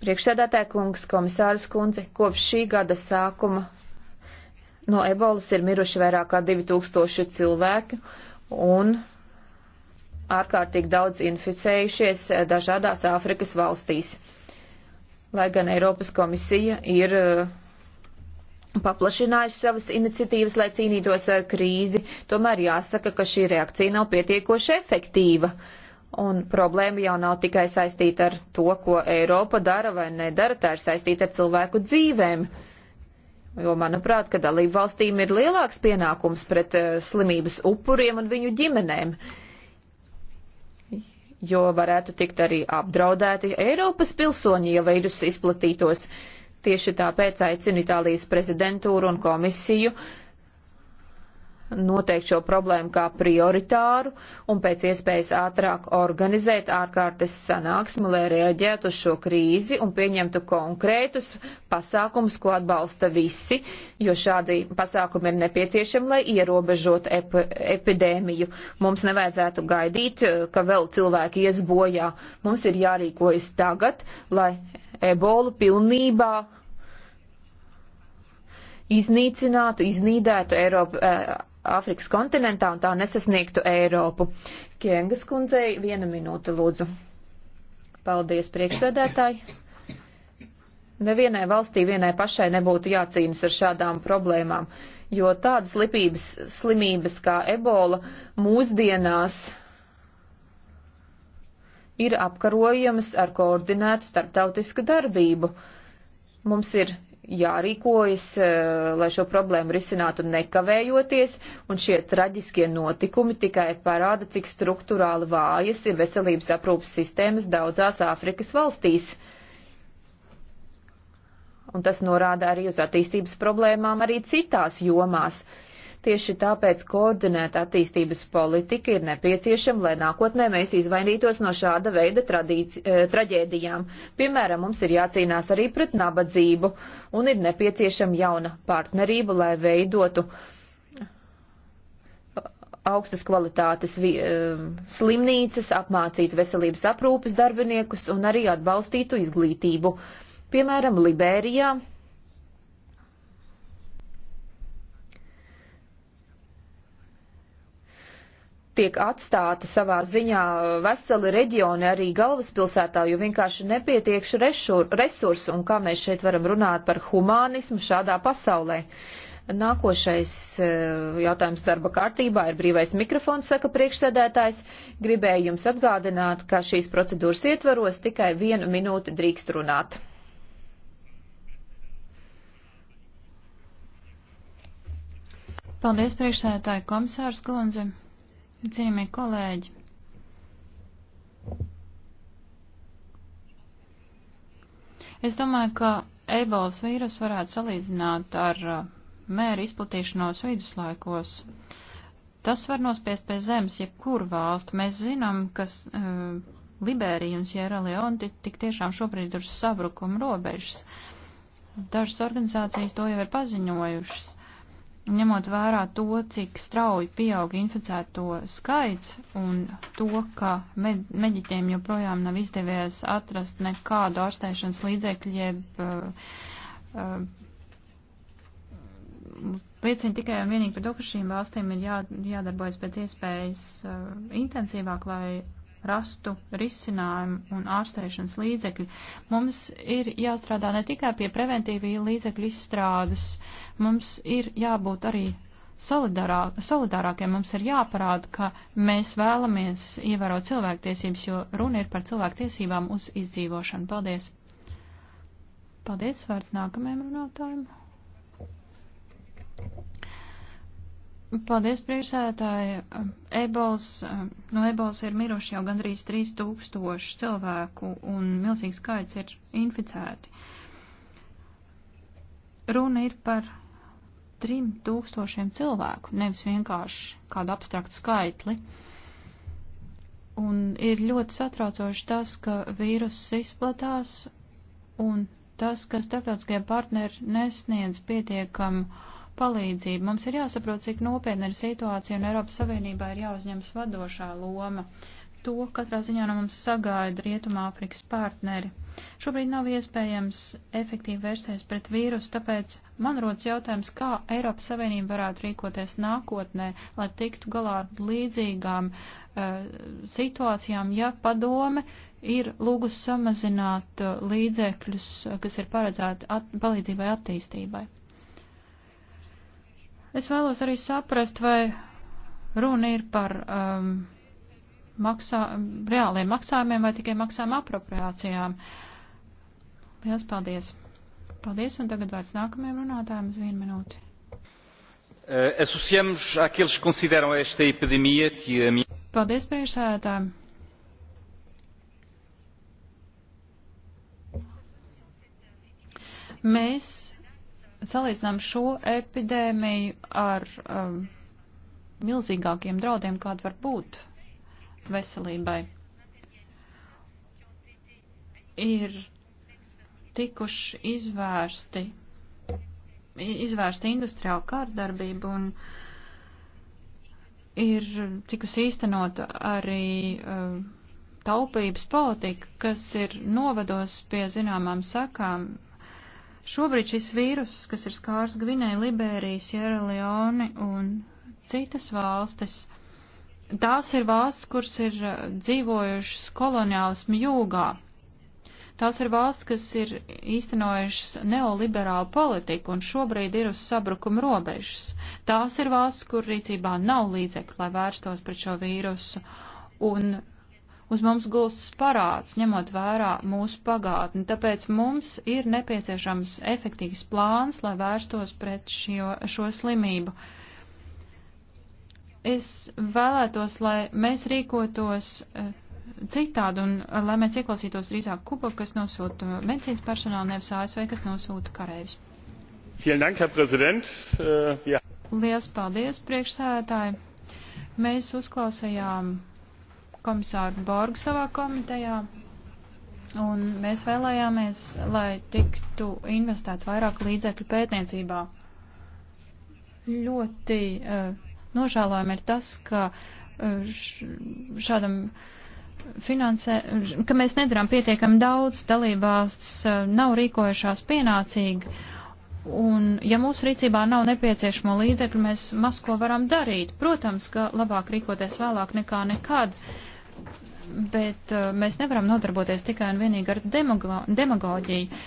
Priekšsēdētāja kungs, komisāras kundze, kopš šī gada sākuma no ebolas ir miruši vairāk kā 2000 cilvēki un ārkārtīgi daudz inficējušies dažādās Āfrikas valstīs. Lai gan Eiropas komisija ir uh, paplašinājusi savas iniciatīvas, lai cīnītos ar krīzi, tomēr jāsaka, ka šī reakcija nav pietiekoši efektīva. Uh, Un problēma jau nav tikai saistīta ar to, ko Eiropa dara vai nedara, tā ir saistīta ar cilvēku dzīvēm. Jo, manuprāt, ka dalību valstīm ir lielāks pienākums pret uh, slimības upuriem un viņu ģimenēm, jo varētu tikt arī apdraudēti Eiropas pilsoņi, ja vīrus izplatītos. Tieši tāpēc aicinu Itālijas prezidentūru un komisiju uh, noteikt šo problēmu kā prioritāru un pēc iespējas ātrāk organizēt ārkārtas sanāksmi, lai reaģētu uz šo krīzi un pieņemtu konkrētus pasākumus, ko atbalsta visi, jo šādi pasākumi ir nepieciešami, lai ierobežot ep epidēmiju. Mums nevajadzētu gaidīt, ka vēl cilvēki ies bojā. Mums ir jārīkojas tagad, lai ebolu pilnībā iznīcinātu, iznīdētu Eiropu, eh, Āfrikas kontinentā un tā nesasniegtu Eiropu. Kiengas kundzei viena minūte lūdzu. Paldies priekšsēdētāji. Nevienai valstī vienai pašai nebūtu jācīnas ar šādām problēmām, jo tādas lipības slimības kā ebola mūsdienās ir apkarojamas ar koordinētu starptautisku darbību. Mums ir jārīkojas, eh, lai šo problēmu risinātu nekavējoties, un šie traģiskie notikumi tikai parāda, cik struktūrāli vājas ir veselības aprūpas sistēmas daudzās Āfrikas valstīs. Un tas norāda arī uz attīstības problēmām arī citās jomās. Uh, Tieši tāpēc koordinēta attīstības politika ir nepieciešama, lai nākotnē mēs izvainītos no šāda veida tradīci, eh, traģēdijām. Piemēram, mums ir jācīnās arī pret nabadzību un ir nepieciešama jauna partnerība, lai veidotu eh, augstas kvalitātes vi, eh, slimnīcas, apmācītu veselības aprūpes darbiniekus un arī atbalstītu izglītību. Piemēram, Liberijā tiek atstāti savā ziņā veseli reģioni arī galvaspilsētā, jo vienkārši nepietiekšu resursu un kā mēs šeit varam runāt par humānismu šādā pasaulē. Nākošais e, jautājums darba kārtībā ir brīvais mikrofons, saka priekšsēdētājs. Gribēju jums atgādināt, ka šīs procedūras ietvaros tikai vienu minūti drīkst runāt. Paldies, priekšsēdētāji komisārs Gonzi. Cienījamie kolēģi, es domāju, ka ebolas vīrus varētu salīdzināt ar uh, mēra izplatīšanos viduslaikos. Tas var nospiest pie zemes jebkuru valstu. Mēs zinām, ka uh, Liberija un Sierra Leone tik tiešām šobrīd ir sabrukuma robežas. Dažas organizācijas to jau ir paziņojušas ņemot vērā to, cik strauji pieauga inficēto skaits un to, ka med mediķiem joprojām nav izdevies atrast nekādu ārstēšanas līdzekļu, jeb uh, uh, liecina tikai un vienīgi par to, ka šīm valstīm ir jā, jādarbojas pēc iespējas uh, intensīvāk, lai rastu risinājumu un ārstēšanas līdzekļu. Mums ir jāstrādā ne tikai pie preventīvī līdzekļu izstrādes, mums ir jābūt arī solidārāk, solidārākiem, mums ir jāparāda, ka mēs vēlamies ievērot cilvēktiesības, jo runa ir par cilvēktiesībām uz izdzīvošanu. Paldies! Paldies, vārds nākamajam runātājam. Paldies, priekšsētāji. Ebols, um, no ebols ir miruši jau gandrīz 3000 cilvēku un milzīgs skaits ir inficēti. Runa ir par 3000 cilvēku, nevis vienkārši kādu abstraktu skaitli. Un ir ļoti satraucoši tas, ka vīrus izplatās un tas, ka starptautiskie partneri nesniedz pietiekamu palīdzību. Mums ir jāsaprot, cik nopietna ir situācija un Eiropas Savienībā ir jāuzņemas vadošā loma. To katrā ziņā no mums sagaida Rietumāfrikas partneri. Šobrīd nav iespējams efektīvi vērsties pret vīrusu, tāpēc man rodas jautājums, kā Eiropas Savienība varētu rīkoties nākotnē, lai tiktu galā ar līdzīgām uh, situācijām, ja padome ir lūgus samazināt eh, līdzekļus, eh, kas ir paredzēti at palīdzībai attīstībai. Es vēlos arī saprast, vai runa ir par um, maksā, reāliem maksājumiem vai tikai maksājuma apropriācijām. Lielas paldies! Paldies, un tagad vairs nākamajam runātājam uz vienu minūti. Eh, associamos àqueles que consideram esta epidemia que a minha. Paldies, priekšsēdētājiem! Mēs salīdzinām šo epidēmiju ar um, milzīgākiem draudiem, kāda var būt veselībai, ir tikuši izvērsti, izvērsti industriāla kārdarbība un ir tikusi īstenota arī uh, taupības politika, kas ir novados pie zināmām sakām Šobrīd šis vīruss, kas ir skārs Gvinēju, Liberiju, Sieraleoni un citas valstis, tās ir valsts, kuras ir eh, dzīvojušas koloniālismu jūgā. Tās ir valsts, kas ir īstenojušas neoliberālu politiku un šobrīd ir uz sabrukuma robežas. Tās ir valsts, kur rīcībā nav līdzekļu, lai vērstos pret šo vīrusu. Un uz mums gulsts parāds, ņemot vērā mūsu pagātni. Tāpēc mums ir nepieciešams efektīvs plāns, lai vērstos pret šo, šo slimību. Es vēlētos, lai mēs rīkotos eh, citādi un eh, lai mēs ieklausītos drīzāk Kuba, kas nosūta eh, medicīnas personālu, nevis ASV, kas nosūta karēvis. Äh, Liels paldies, priekšsēdētāji! Mēs uzklausījām komisāru Borgu savā komitejā, un mēs vēlējāmies, lai tiktu investēts vairāk līdzekļu pētniecībā. Ļoti uh, nožēlojami ir tas, ka uh, šādam finansē, ka mēs nedarām pietiekami daudz, dalībās uh, eh, nav rīkojušās pienācīgi. Un, ja mūsu rīcībā nav nepieciešamo līdzekļu, mēs maz ko varam darīt. Protams, ka labāk rīkoties vēlāk nekā nekad. Uh, Bet uh, mēs nevaram nodarboties tikai un vienīgi ar demago demagoģiju.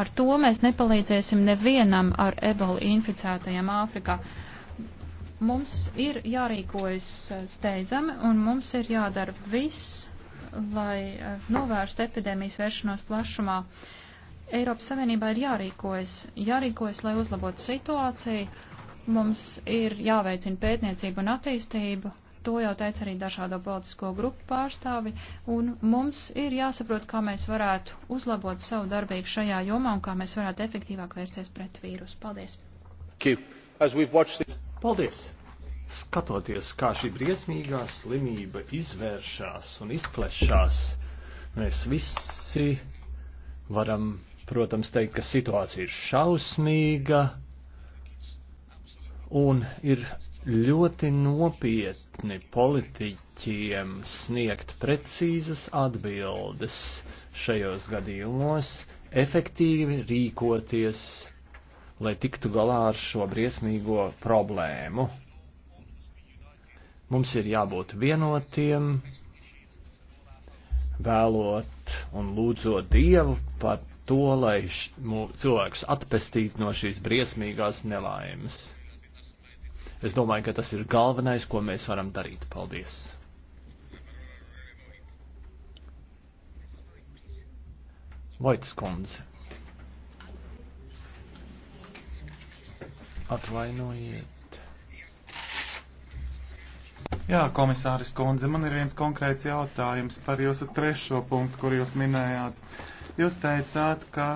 Ar to mēs nepalīdzēsim nevienam ar eboli inficētajiem Āfrikā. Mums ir jārīkojas uh, steidzami un mums ir jādara viss, lai uh, novērstu epidēmijas vēršanos plašumā. Eiropas Savienībā ir jārīkojas, jārīkojas, lai uzlabotu situāciju. Mums ir jāveicina pētniecība un attīstība, to jau teica arī dažādo politisko grupu pārstāvi, un mums ir jāsaprot, kā mēs varētu uzlabot savu darbību šajā jomā un kā mēs varētu efektīvāk vērsties pret vīrusu. Paldies! Paldies! Skatoties, kā šī briesmīgā slimība izvēršās un izplešās, mēs visi varam, protams, teikt, ka situācija ir šausmīga un ir ļoti nopietni politiķiem sniegt precīzas atbildes šajos gadījumos, efektīvi rīkoties, lai tiktu galā ar šo briesmīgo problēmu. Mums ir jābūt vienotiem, vēlot un lūdzot Dievu par to, lai š, mū, cilvēks atpestītu no šīs briesmīgās nelaimes. Es domāju, ka tas ir galvenais, ko mēs varam darīt. Paldies! Vaits kundze. Atvainojiet. Jā, komisāris kundze, man ir viens konkrēts jautājums par jūsu trešo punktu, kur jūs minējāt. Jūs teicāt, ka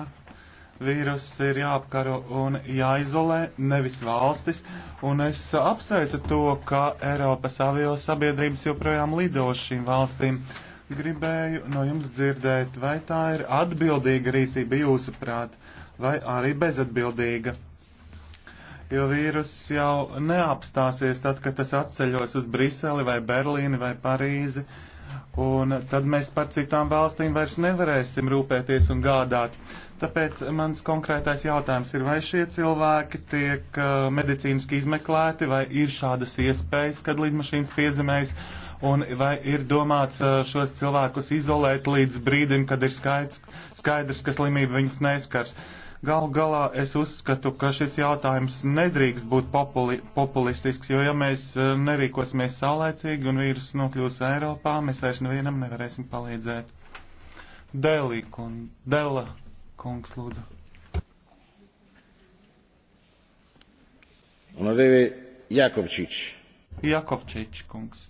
vīrus ir jāapkaro un jāizolē, nevis valstis, un es apsveicu to, ka Eiropas avio sabiedrības joprojām lido uz šīm valstīm. Gribēju no jums dzirdēt, vai tā ir atbildīga rīcība jūsuprāt, vai arī bezatbildīga. Jo vīrus jau neapstāsies tad, kad tas atceļos uz Briseli vai Berlīni vai Parīzi Un tad mēs par citām valstīm vairs nevarēsim rūpēties un gādāt. Tāpēc mans konkrētais jautājums ir, vai šie cilvēki tiek uh, medicīniski izmeklēti, vai ir šādas iespējas, kad lidmašīnas piezemējas, un vai ir domāts uh, šos cilvēkus izolēt līdz brīdim, kad ir skaidrs, skaidrs ka slimība viņus neskars. Uh, Gal galā es uzskatu, ka šis jautājums nedrīkst būt populi populistisks, jo ja mēs e, nerīkosimies saulēcīgi un vīrus nokļūs Eiropā, mēs vairs nevienam nevarēsim palīdzēt. Dēlī kun, Dela kungs lūdzu. Honorēvi Jakovčič. Jakovčič kungs.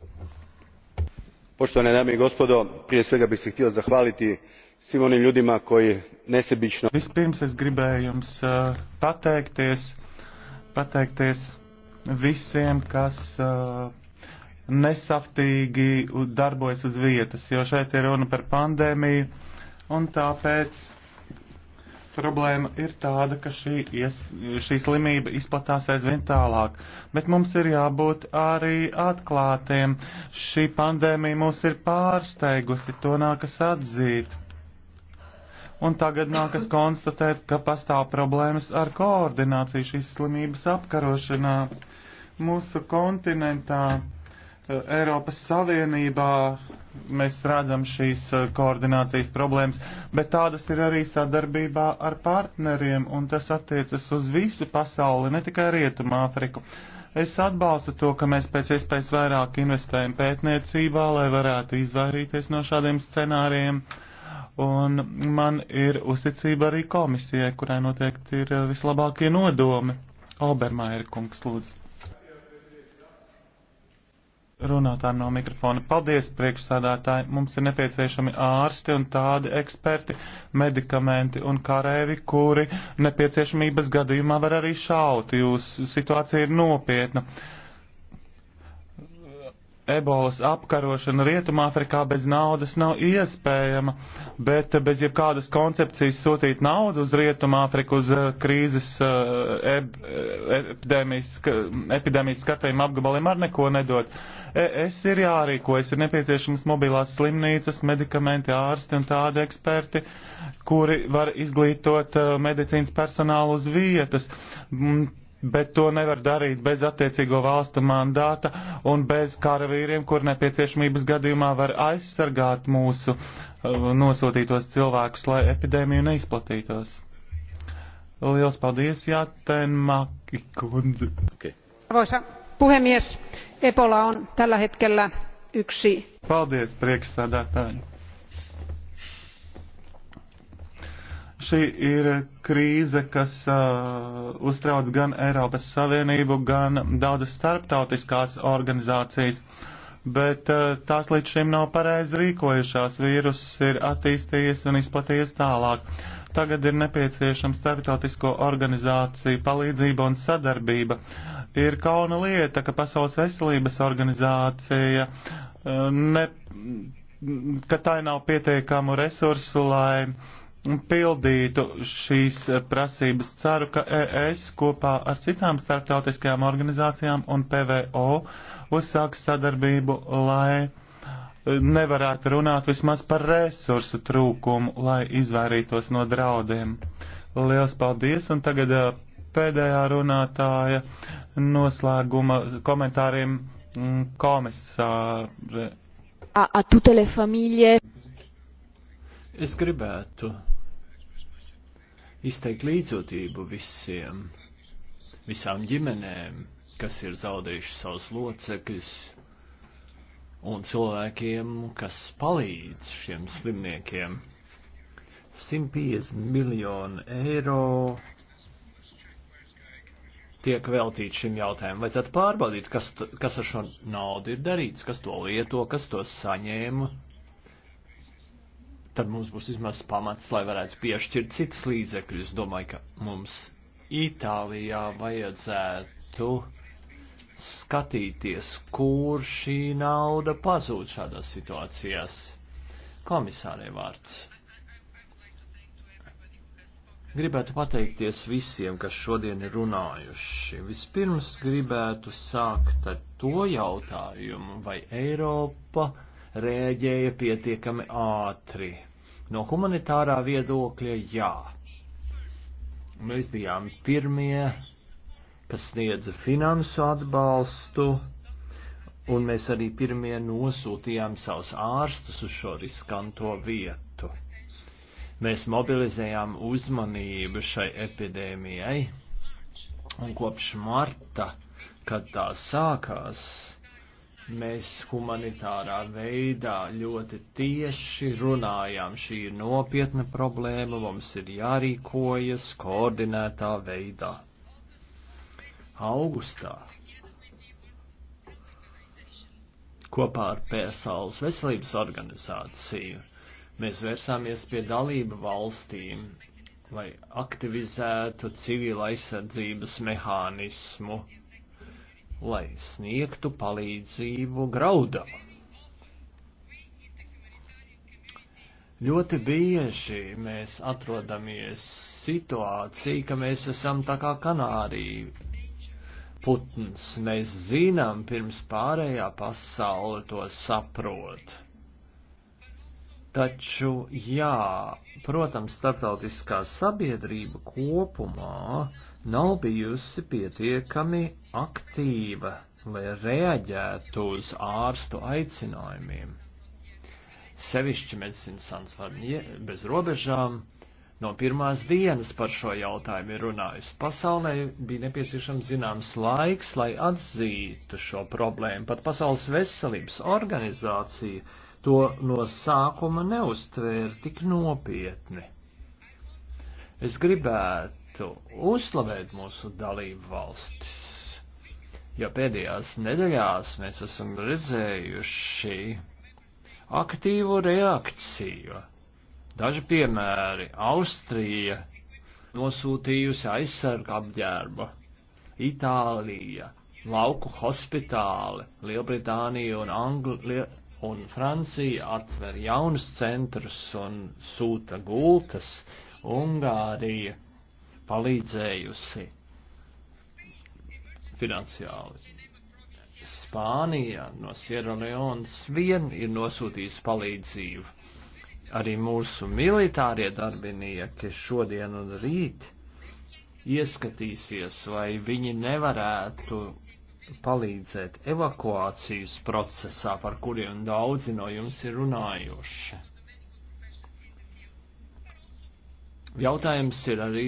Poštovane dame i gospodo, prije svega bih se htio zahvaliti svim onim ljudima koji nesebično. Vispirms es gribēju jums uh, pateikties, pateikties visiem, kas uh, nesaftīgi darbojas uz vietas, jo šeit ir runa par pandēmiju, un tāpēc problēma ir tāda, ka šī, ies, šī slimība izplatās aizvien tālāk. Bet mums ir jābūt arī atklātiem. Šī pandēmija mūs ir pārsteigusi, to nākas atzīt un tagad nākas konstatēt, ka pastāv problēmas ar koordināciju šīs slimības apkarošanā. Mūsu kontinentā, eh, Eiropas Savienībā mēs redzam šīs eh, koordinācijas problēmas, bet tādas ir arī sadarbībā ar partneriem, un tas attiecas uz visu pasauli, ne tikai Rietumā Afriku. Es atbalstu to, ka mēs pēc iespējas vairāk investējam pētniecībā, lai varētu izvairīties no šādiem scenārijiem. Uh, un man ir uzticība arī komisijai, kurai noteikti ir eh, vislabākie nodomi. Obermaier kungs, lūdzu. Runātājiem no mikrofona. Paldies, priekšsādātāji. Mums ir nepieciešami ārsti un tādi eksperti, medikamenti un karēvi, kuri nepieciešamības gadījumā var arī šaut. Jūs situācija ir nopietna. Uh, Ebolas apkarošana Rietumāfrikā bez naudas nav iespējama, bet bez jebkādas koncepcijas sūtīt naudu uz Rietumāfriku uz eh, krīzes eh, eb, eh, epidēmijas, epidēmijas skartajiem apgabaliem ar neko nedod. E, es ir jārīkojas, ir nepieciešams mobilās slimnīcas, medikamenti, ārsti un tādi eksperti, kuri var izglītot medicīnas personālu uz vietas bet to nevar darīt bez attiecīgo valstu mandāta un bez karavīriem, kur nepieciešamības gadījumā var aizsargāt mūsu uh, nosūtītos cilvēkus, lai epidēmija neizplatītos. Liels paldies, Jāten Maki kundze. Okay. Arvoisa puhemies, Ebola on tällä hetkellä yksi. Paldies, priekšsādātāji. Šī ir krīze, kas uh, uztrauc gan Eiropas Savienību, gan daudzas starptautiskās organizācijas, bet uh, tās līdz šim nav pareizi rīkojušās. Vīrus ir attīstījies un izplatījies tālāk. Tagad ir nepieciešama starptautisko organizāciju palīdzība un sadarbība. Ir kauna lieta, ka Pasaules veselības organizācija uh, ne, ka tai nav pietiekamu resursu, lai uh, pildītu šīs prasības. Ceru, ka ES kopā ar citām starptautiskajām organizācijām un PVO uzsāks sadarbību, lai e, nevarētu runāt vismaz par resursu trūkumu, lai izvairītos no draudiem. Liels paldies, un tagad e, pēdējā runātāja noslēguma komentāriem mm, komisāre. A, a tutte le famiglie. Es gribētu izteikt līdzjūtību visiem, visām ģimenēm, kas ir zaudējuši savus locekļus, un cilvēkiem, kas palīdz šiem slimniekiem. 150 miljonu eiro tiek veltīts šim jautājumam. Vajadzētu pārbaudīt, kas, kas ar šo naudu ir darīts, kas to lieto, kas to saņēma, tad mums būs vismaz pamats, lai varētu piešķirt citas līdzekļus. Domāju, ka mums Itālijā vajadzētu skatīties, kur šī nauda pazūd šādās situācijās. Komisārē vārds. Gribētu pateikties visiem, kas šodien ir runājuši. Vispirms gribētu sākt ar to jautājumu, vai Eiropa rēģēja pietiekami ātri. No humanitārā viedokļa jā. Mēs bijām pirmie, kas sniedza finansu atbalstu, un mēs arī pirmie nosūtījām savus ārstus uz šo riskanto vietu. Mēs mobilizējām uzmanību šai epidēmijai, un kopš marta, kad tā sākās, Mēs humanitārā veidā ļoti tieši runājām, šī ir nopietna problēma, mums ir jārīkojas koordinētā veidā. Augustā kopā ar Pasaules veselības organizāciju mēs vērsāmies pie dalību valstīm, lai aktivizētu civila aizsardzības mehānismu lai sniegtu palīdzību graudam. Ļoti bieži mēs atrodamies situācijā, ka mēs esam tā kā kanārī putns. Mēs zinām, pirms pārējā pasaule to saprot. Taču, jā, protams, starptautiskā sabiedrība kopumā nav bijusi pietiekami aktīva, lai reaģētu uz ārstu aicinājumiem. Sevišķi medicīnas ansvarnie bez robežām no pirmās dienas par šo jautājumu ir runājusi. Pasaulē bija nepieciešams zināms laiks, lai atzītu šo problēmu. Pat Pasaules veselības organizācija to no sākuma neuztvēra tik nopietni. Es gribētu gribētu uzslavēt mūsu dalību valstis, jo pēdējās nedēļās mēs esam redzējuši aktīvu reakciju. Daži piemēri - Austrija nosūtījusi aizsargu apģērbu, Itālija, lauku hospitāli, Lielbritānija un Anglija un Francija atver jaunus centrus un sūta gultas, Ungārija palīdzējusi finansiāli. Spānija no Sierra Leonas vien ir nosūtījusi palīdzību. Arī mūsu militārie darbinieki šodien un rīt ieskatīsies, vai viņi nevarētu palīdzēt evakuācijas procesā, par kuriem daudzi no jums ir runājuši. Jautājums ir arī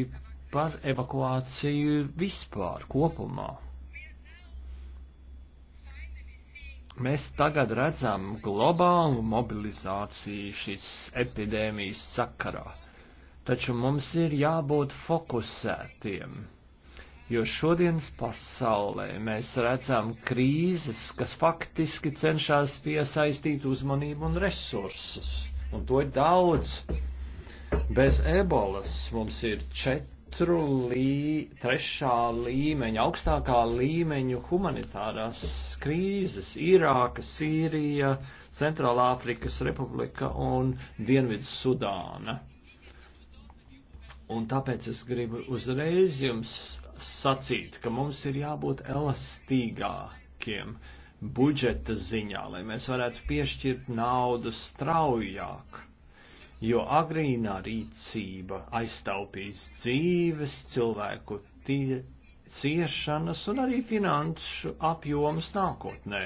par evakuāciju vispār kopumā. Mēs tagad redzam globālu mobilizāciju šīs epidēmijas sakarā, taču mums ir jābūt fokusētiem, jo šodienas pasaulē mēs redzam krīzes, kas faktiski cenšas piesaistīt uzmanību un resursus, un to ir daudz. Bez ebolas mums ir četri otru lī, trešā līmeņa, augstākā līmeņa humanitārās krīzes - Irāka, Sīrija, Centrālā Afrikas Republika un Dienvidu Sudāna. Un tāpēc es gribu uzreiz jums sacīt, ka mums ir jābūt elastīgākiem budžeta ziņā, lai mēs varētu piešķirt naudu straujāk jo agrīnā rīcība aiztaupīs dzīves, cilvēku tie, ciešanas un arī finanšu apjomus nākotnē.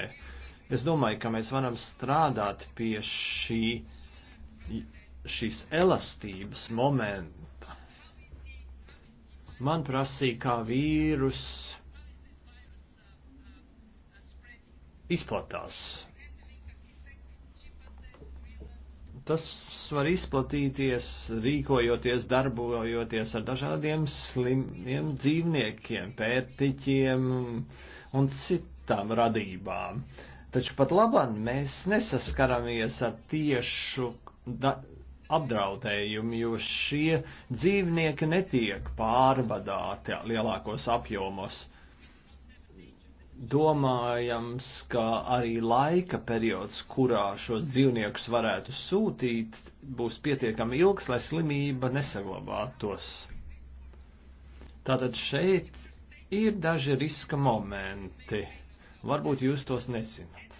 Es domāju, ka mēs varam strādāt pie šī, šīs elastības momenta. Man prasīja, kā vīrus izplatās Tas var izplatīties, rīkojoties, darbojoties ar dažādiem slimiem dzīvniekiem, pērtiķiem un citām radībām. Taču pat labam mēs nesaskaramies ar tiešu apdraudējumu, jo šie dzīvnieki netiek pārvadāti lielākos apjomos domājams, ka arī laika periods, kurā šos dzīvniekus varētu sūtīt, būs pietiekami ilgs, lai slimība nesaglabātos. Tātad šeit ir daži riska momenti. Varbūt jūs tos nezināt.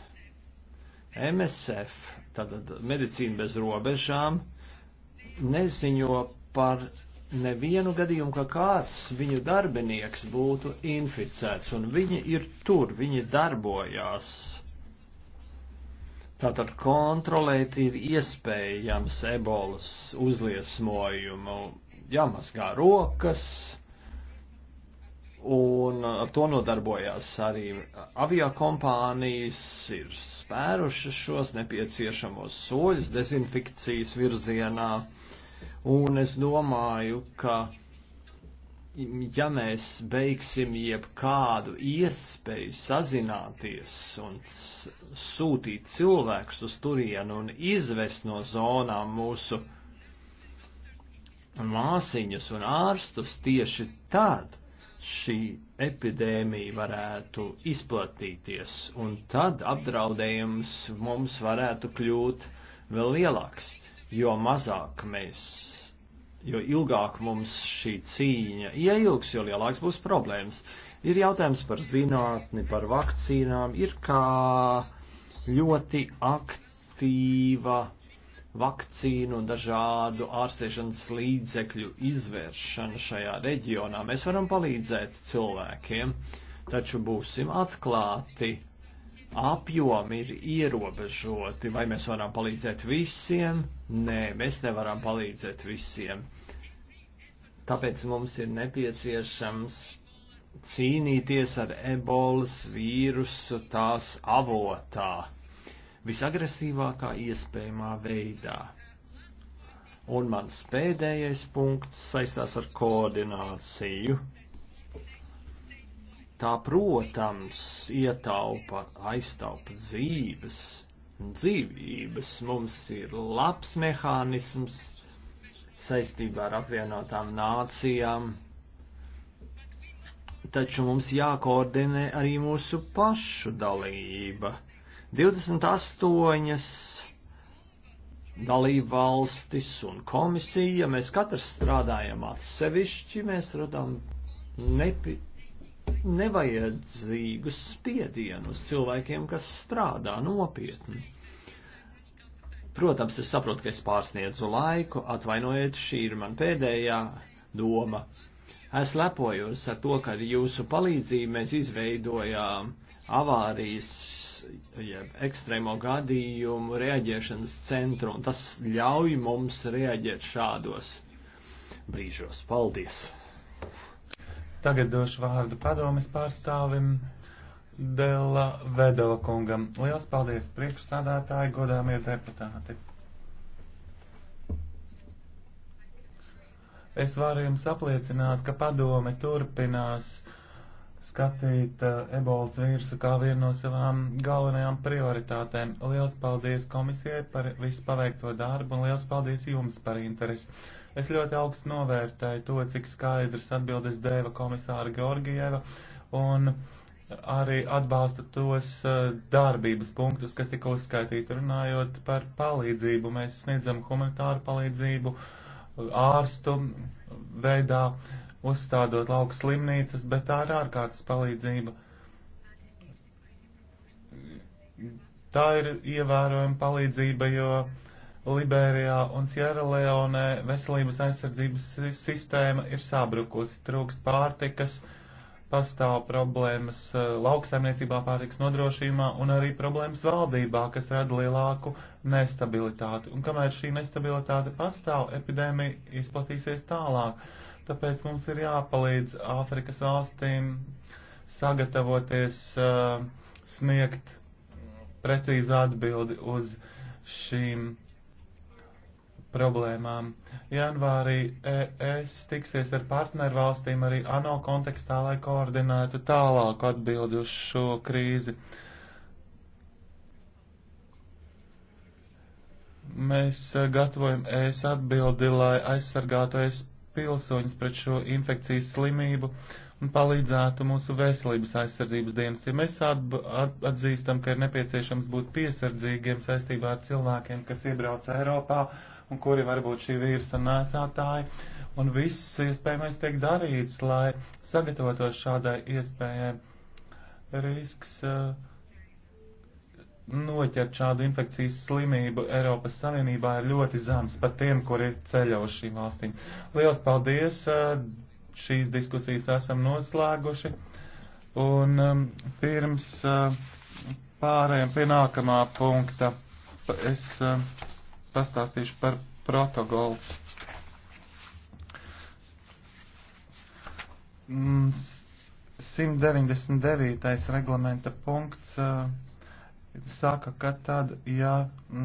MSF, tātad medicīna bez robežām, neziņo par nevienu gadījumu, ka kāds viņu darbinieks būtu inficēts, un viņi ir tur, viņi darbojās. Tātad kontrolēt ir iespējams ebolas uzliesmojumu, jāmazgā rokas, un ar to nodarbojās arī aviokompānijas, ir spērušas šos nepieciešamos soļus dezinfekcijas virzienā Un es domāju, ka ja mēs beigsim jebkādu iespēju sazināties un sūtīt cilvēkus uz turienu un izvest no zonām mūsu māsiņus un ārstus, tieši tad šī epidēmija varētu izplatīties, un tad apdraudējums mums varētu kļūt vēl lielāks jo mazāk mēs, jo ilgāk mums šī cīņa ieilgs, jo lielāks būs problēmas. Ir jautājums par zinātni, par vakcīnām, ir kā ļoti aktīva vakcīnu un dažādu ārstēšanas līdzekļu izvēršana šajā reģionā. Mēs varam palīdzēt cilvēkiem, taču būsim atklāti apjomi ir ierobežoti. Vai mēs varam palīdzēt visiem? Nē, mēs nevaram palīdzēt visiem. Tāpēc mums ir nepieciešams cīnīties ar ebolas vīrusu tās avotā, visagresīvākā iespējamā veidā. Un mans pēdējais punkts saistās ar koordināciju tā, protams, ietaupa, aiztaupa dzīves, dzīvības. Mums ir labs mehānisms saistībā ar apvienotām nācijām, taču mums jākoordinē arī mūsu pašu dalība. 28 dalību valstis un komisija, mēs katrs strādājam atsevišķi, mēs radām nepieciešamību nevajadzīgu spiedienu uz cilvēkiem, kas strādā nopietni. Protams, es saprotu, ka es pārsniedzu laiku, atvainojiet, šī ir man pēdējā doma. Es lepojos ar to, ka ar jūsu palīdzību mēs izveidojām avārijas, jeb ekstrēmo gadījumu reaģēšanas centru, un tas ļauj mums reaģēt šādos brīžos. Paldies! Tagad došu vārdu padomis pārstāvim Dela Vedova kungam. Liels paldies priekšsādātāji, godāmie deputāti. Es varu jums apliecināt, ka padome turpinās skatīt eh, ebolas vīrusu kā vienu no savām galvenajām prioritātēm. Liels paldies komisijai par visu paveikto darbu un liels paldies jums par interesi. Es ļoti augstu novērtēju to, cik skaidrs atbildes deva komisāra Georgieva un arī atbalsta tos eh, darbības punktus, kas tika uzskaitīti runājot par palīdzību. Mēs sniedzam humanitāru palīdzību ārstu veidā, uzstādot lauku slimnīcas, bet tā ir ārkārtas palīdzība. Tā ir ievērojama palīdzība, jo Liberijā un Sieraleonē veselības aizsardzības sistēma ir sabrukusi, trūkst pārtikas, pastāv problēmas eh, lauksaimniecībā pārtikas nodrošījumā un arī problēmas valdībā, kas rada lielāku nestabilitāti. Un kamēr šī nestabilitāte pastāv, epidēmija izplatīsies tālāk. Tāpēc mums ir jāpalīdz Āfrikas valstīm sagatavoties uh, sniegt precīzu atbildi uz šīm problēmām. Janvārī ES tiksies ar partnervalstīm arī ANO kontekstā, lai koordinētu tālāku atbildi uz šo krīzi. Mēs e, gatavojam ES atbildi, lai aizsargātu ES pilsoņus pret šo infekcijas slimību un palīdzētu mūsu veselības aizsardzības dienas. Ja mēs atzīstam, ka ir nepieciešams būt piesardzīgiem saistībā ar cilvēkiem, kas iebrauc Eiropā, un kuri varbūt šī vīrusa nesātāji. Un viss iespējamais tiek darīts, lai sagatavotos šādai iespējai. Risks uh, noķert šādu infekcijas slimību Eiropas Savienībā ir ļoti zems pat tiem, kuri ceļo uz šīm valstīm. Lielas paldies! Uh, šīs diskusijas esam noslēguši. Un um, pirms uh, pārējiem pie nākamā punkta es. Uh, pastāstīšu par protokolu. Mm, 199. reglamenta punkts uh, saka, ka tad, ja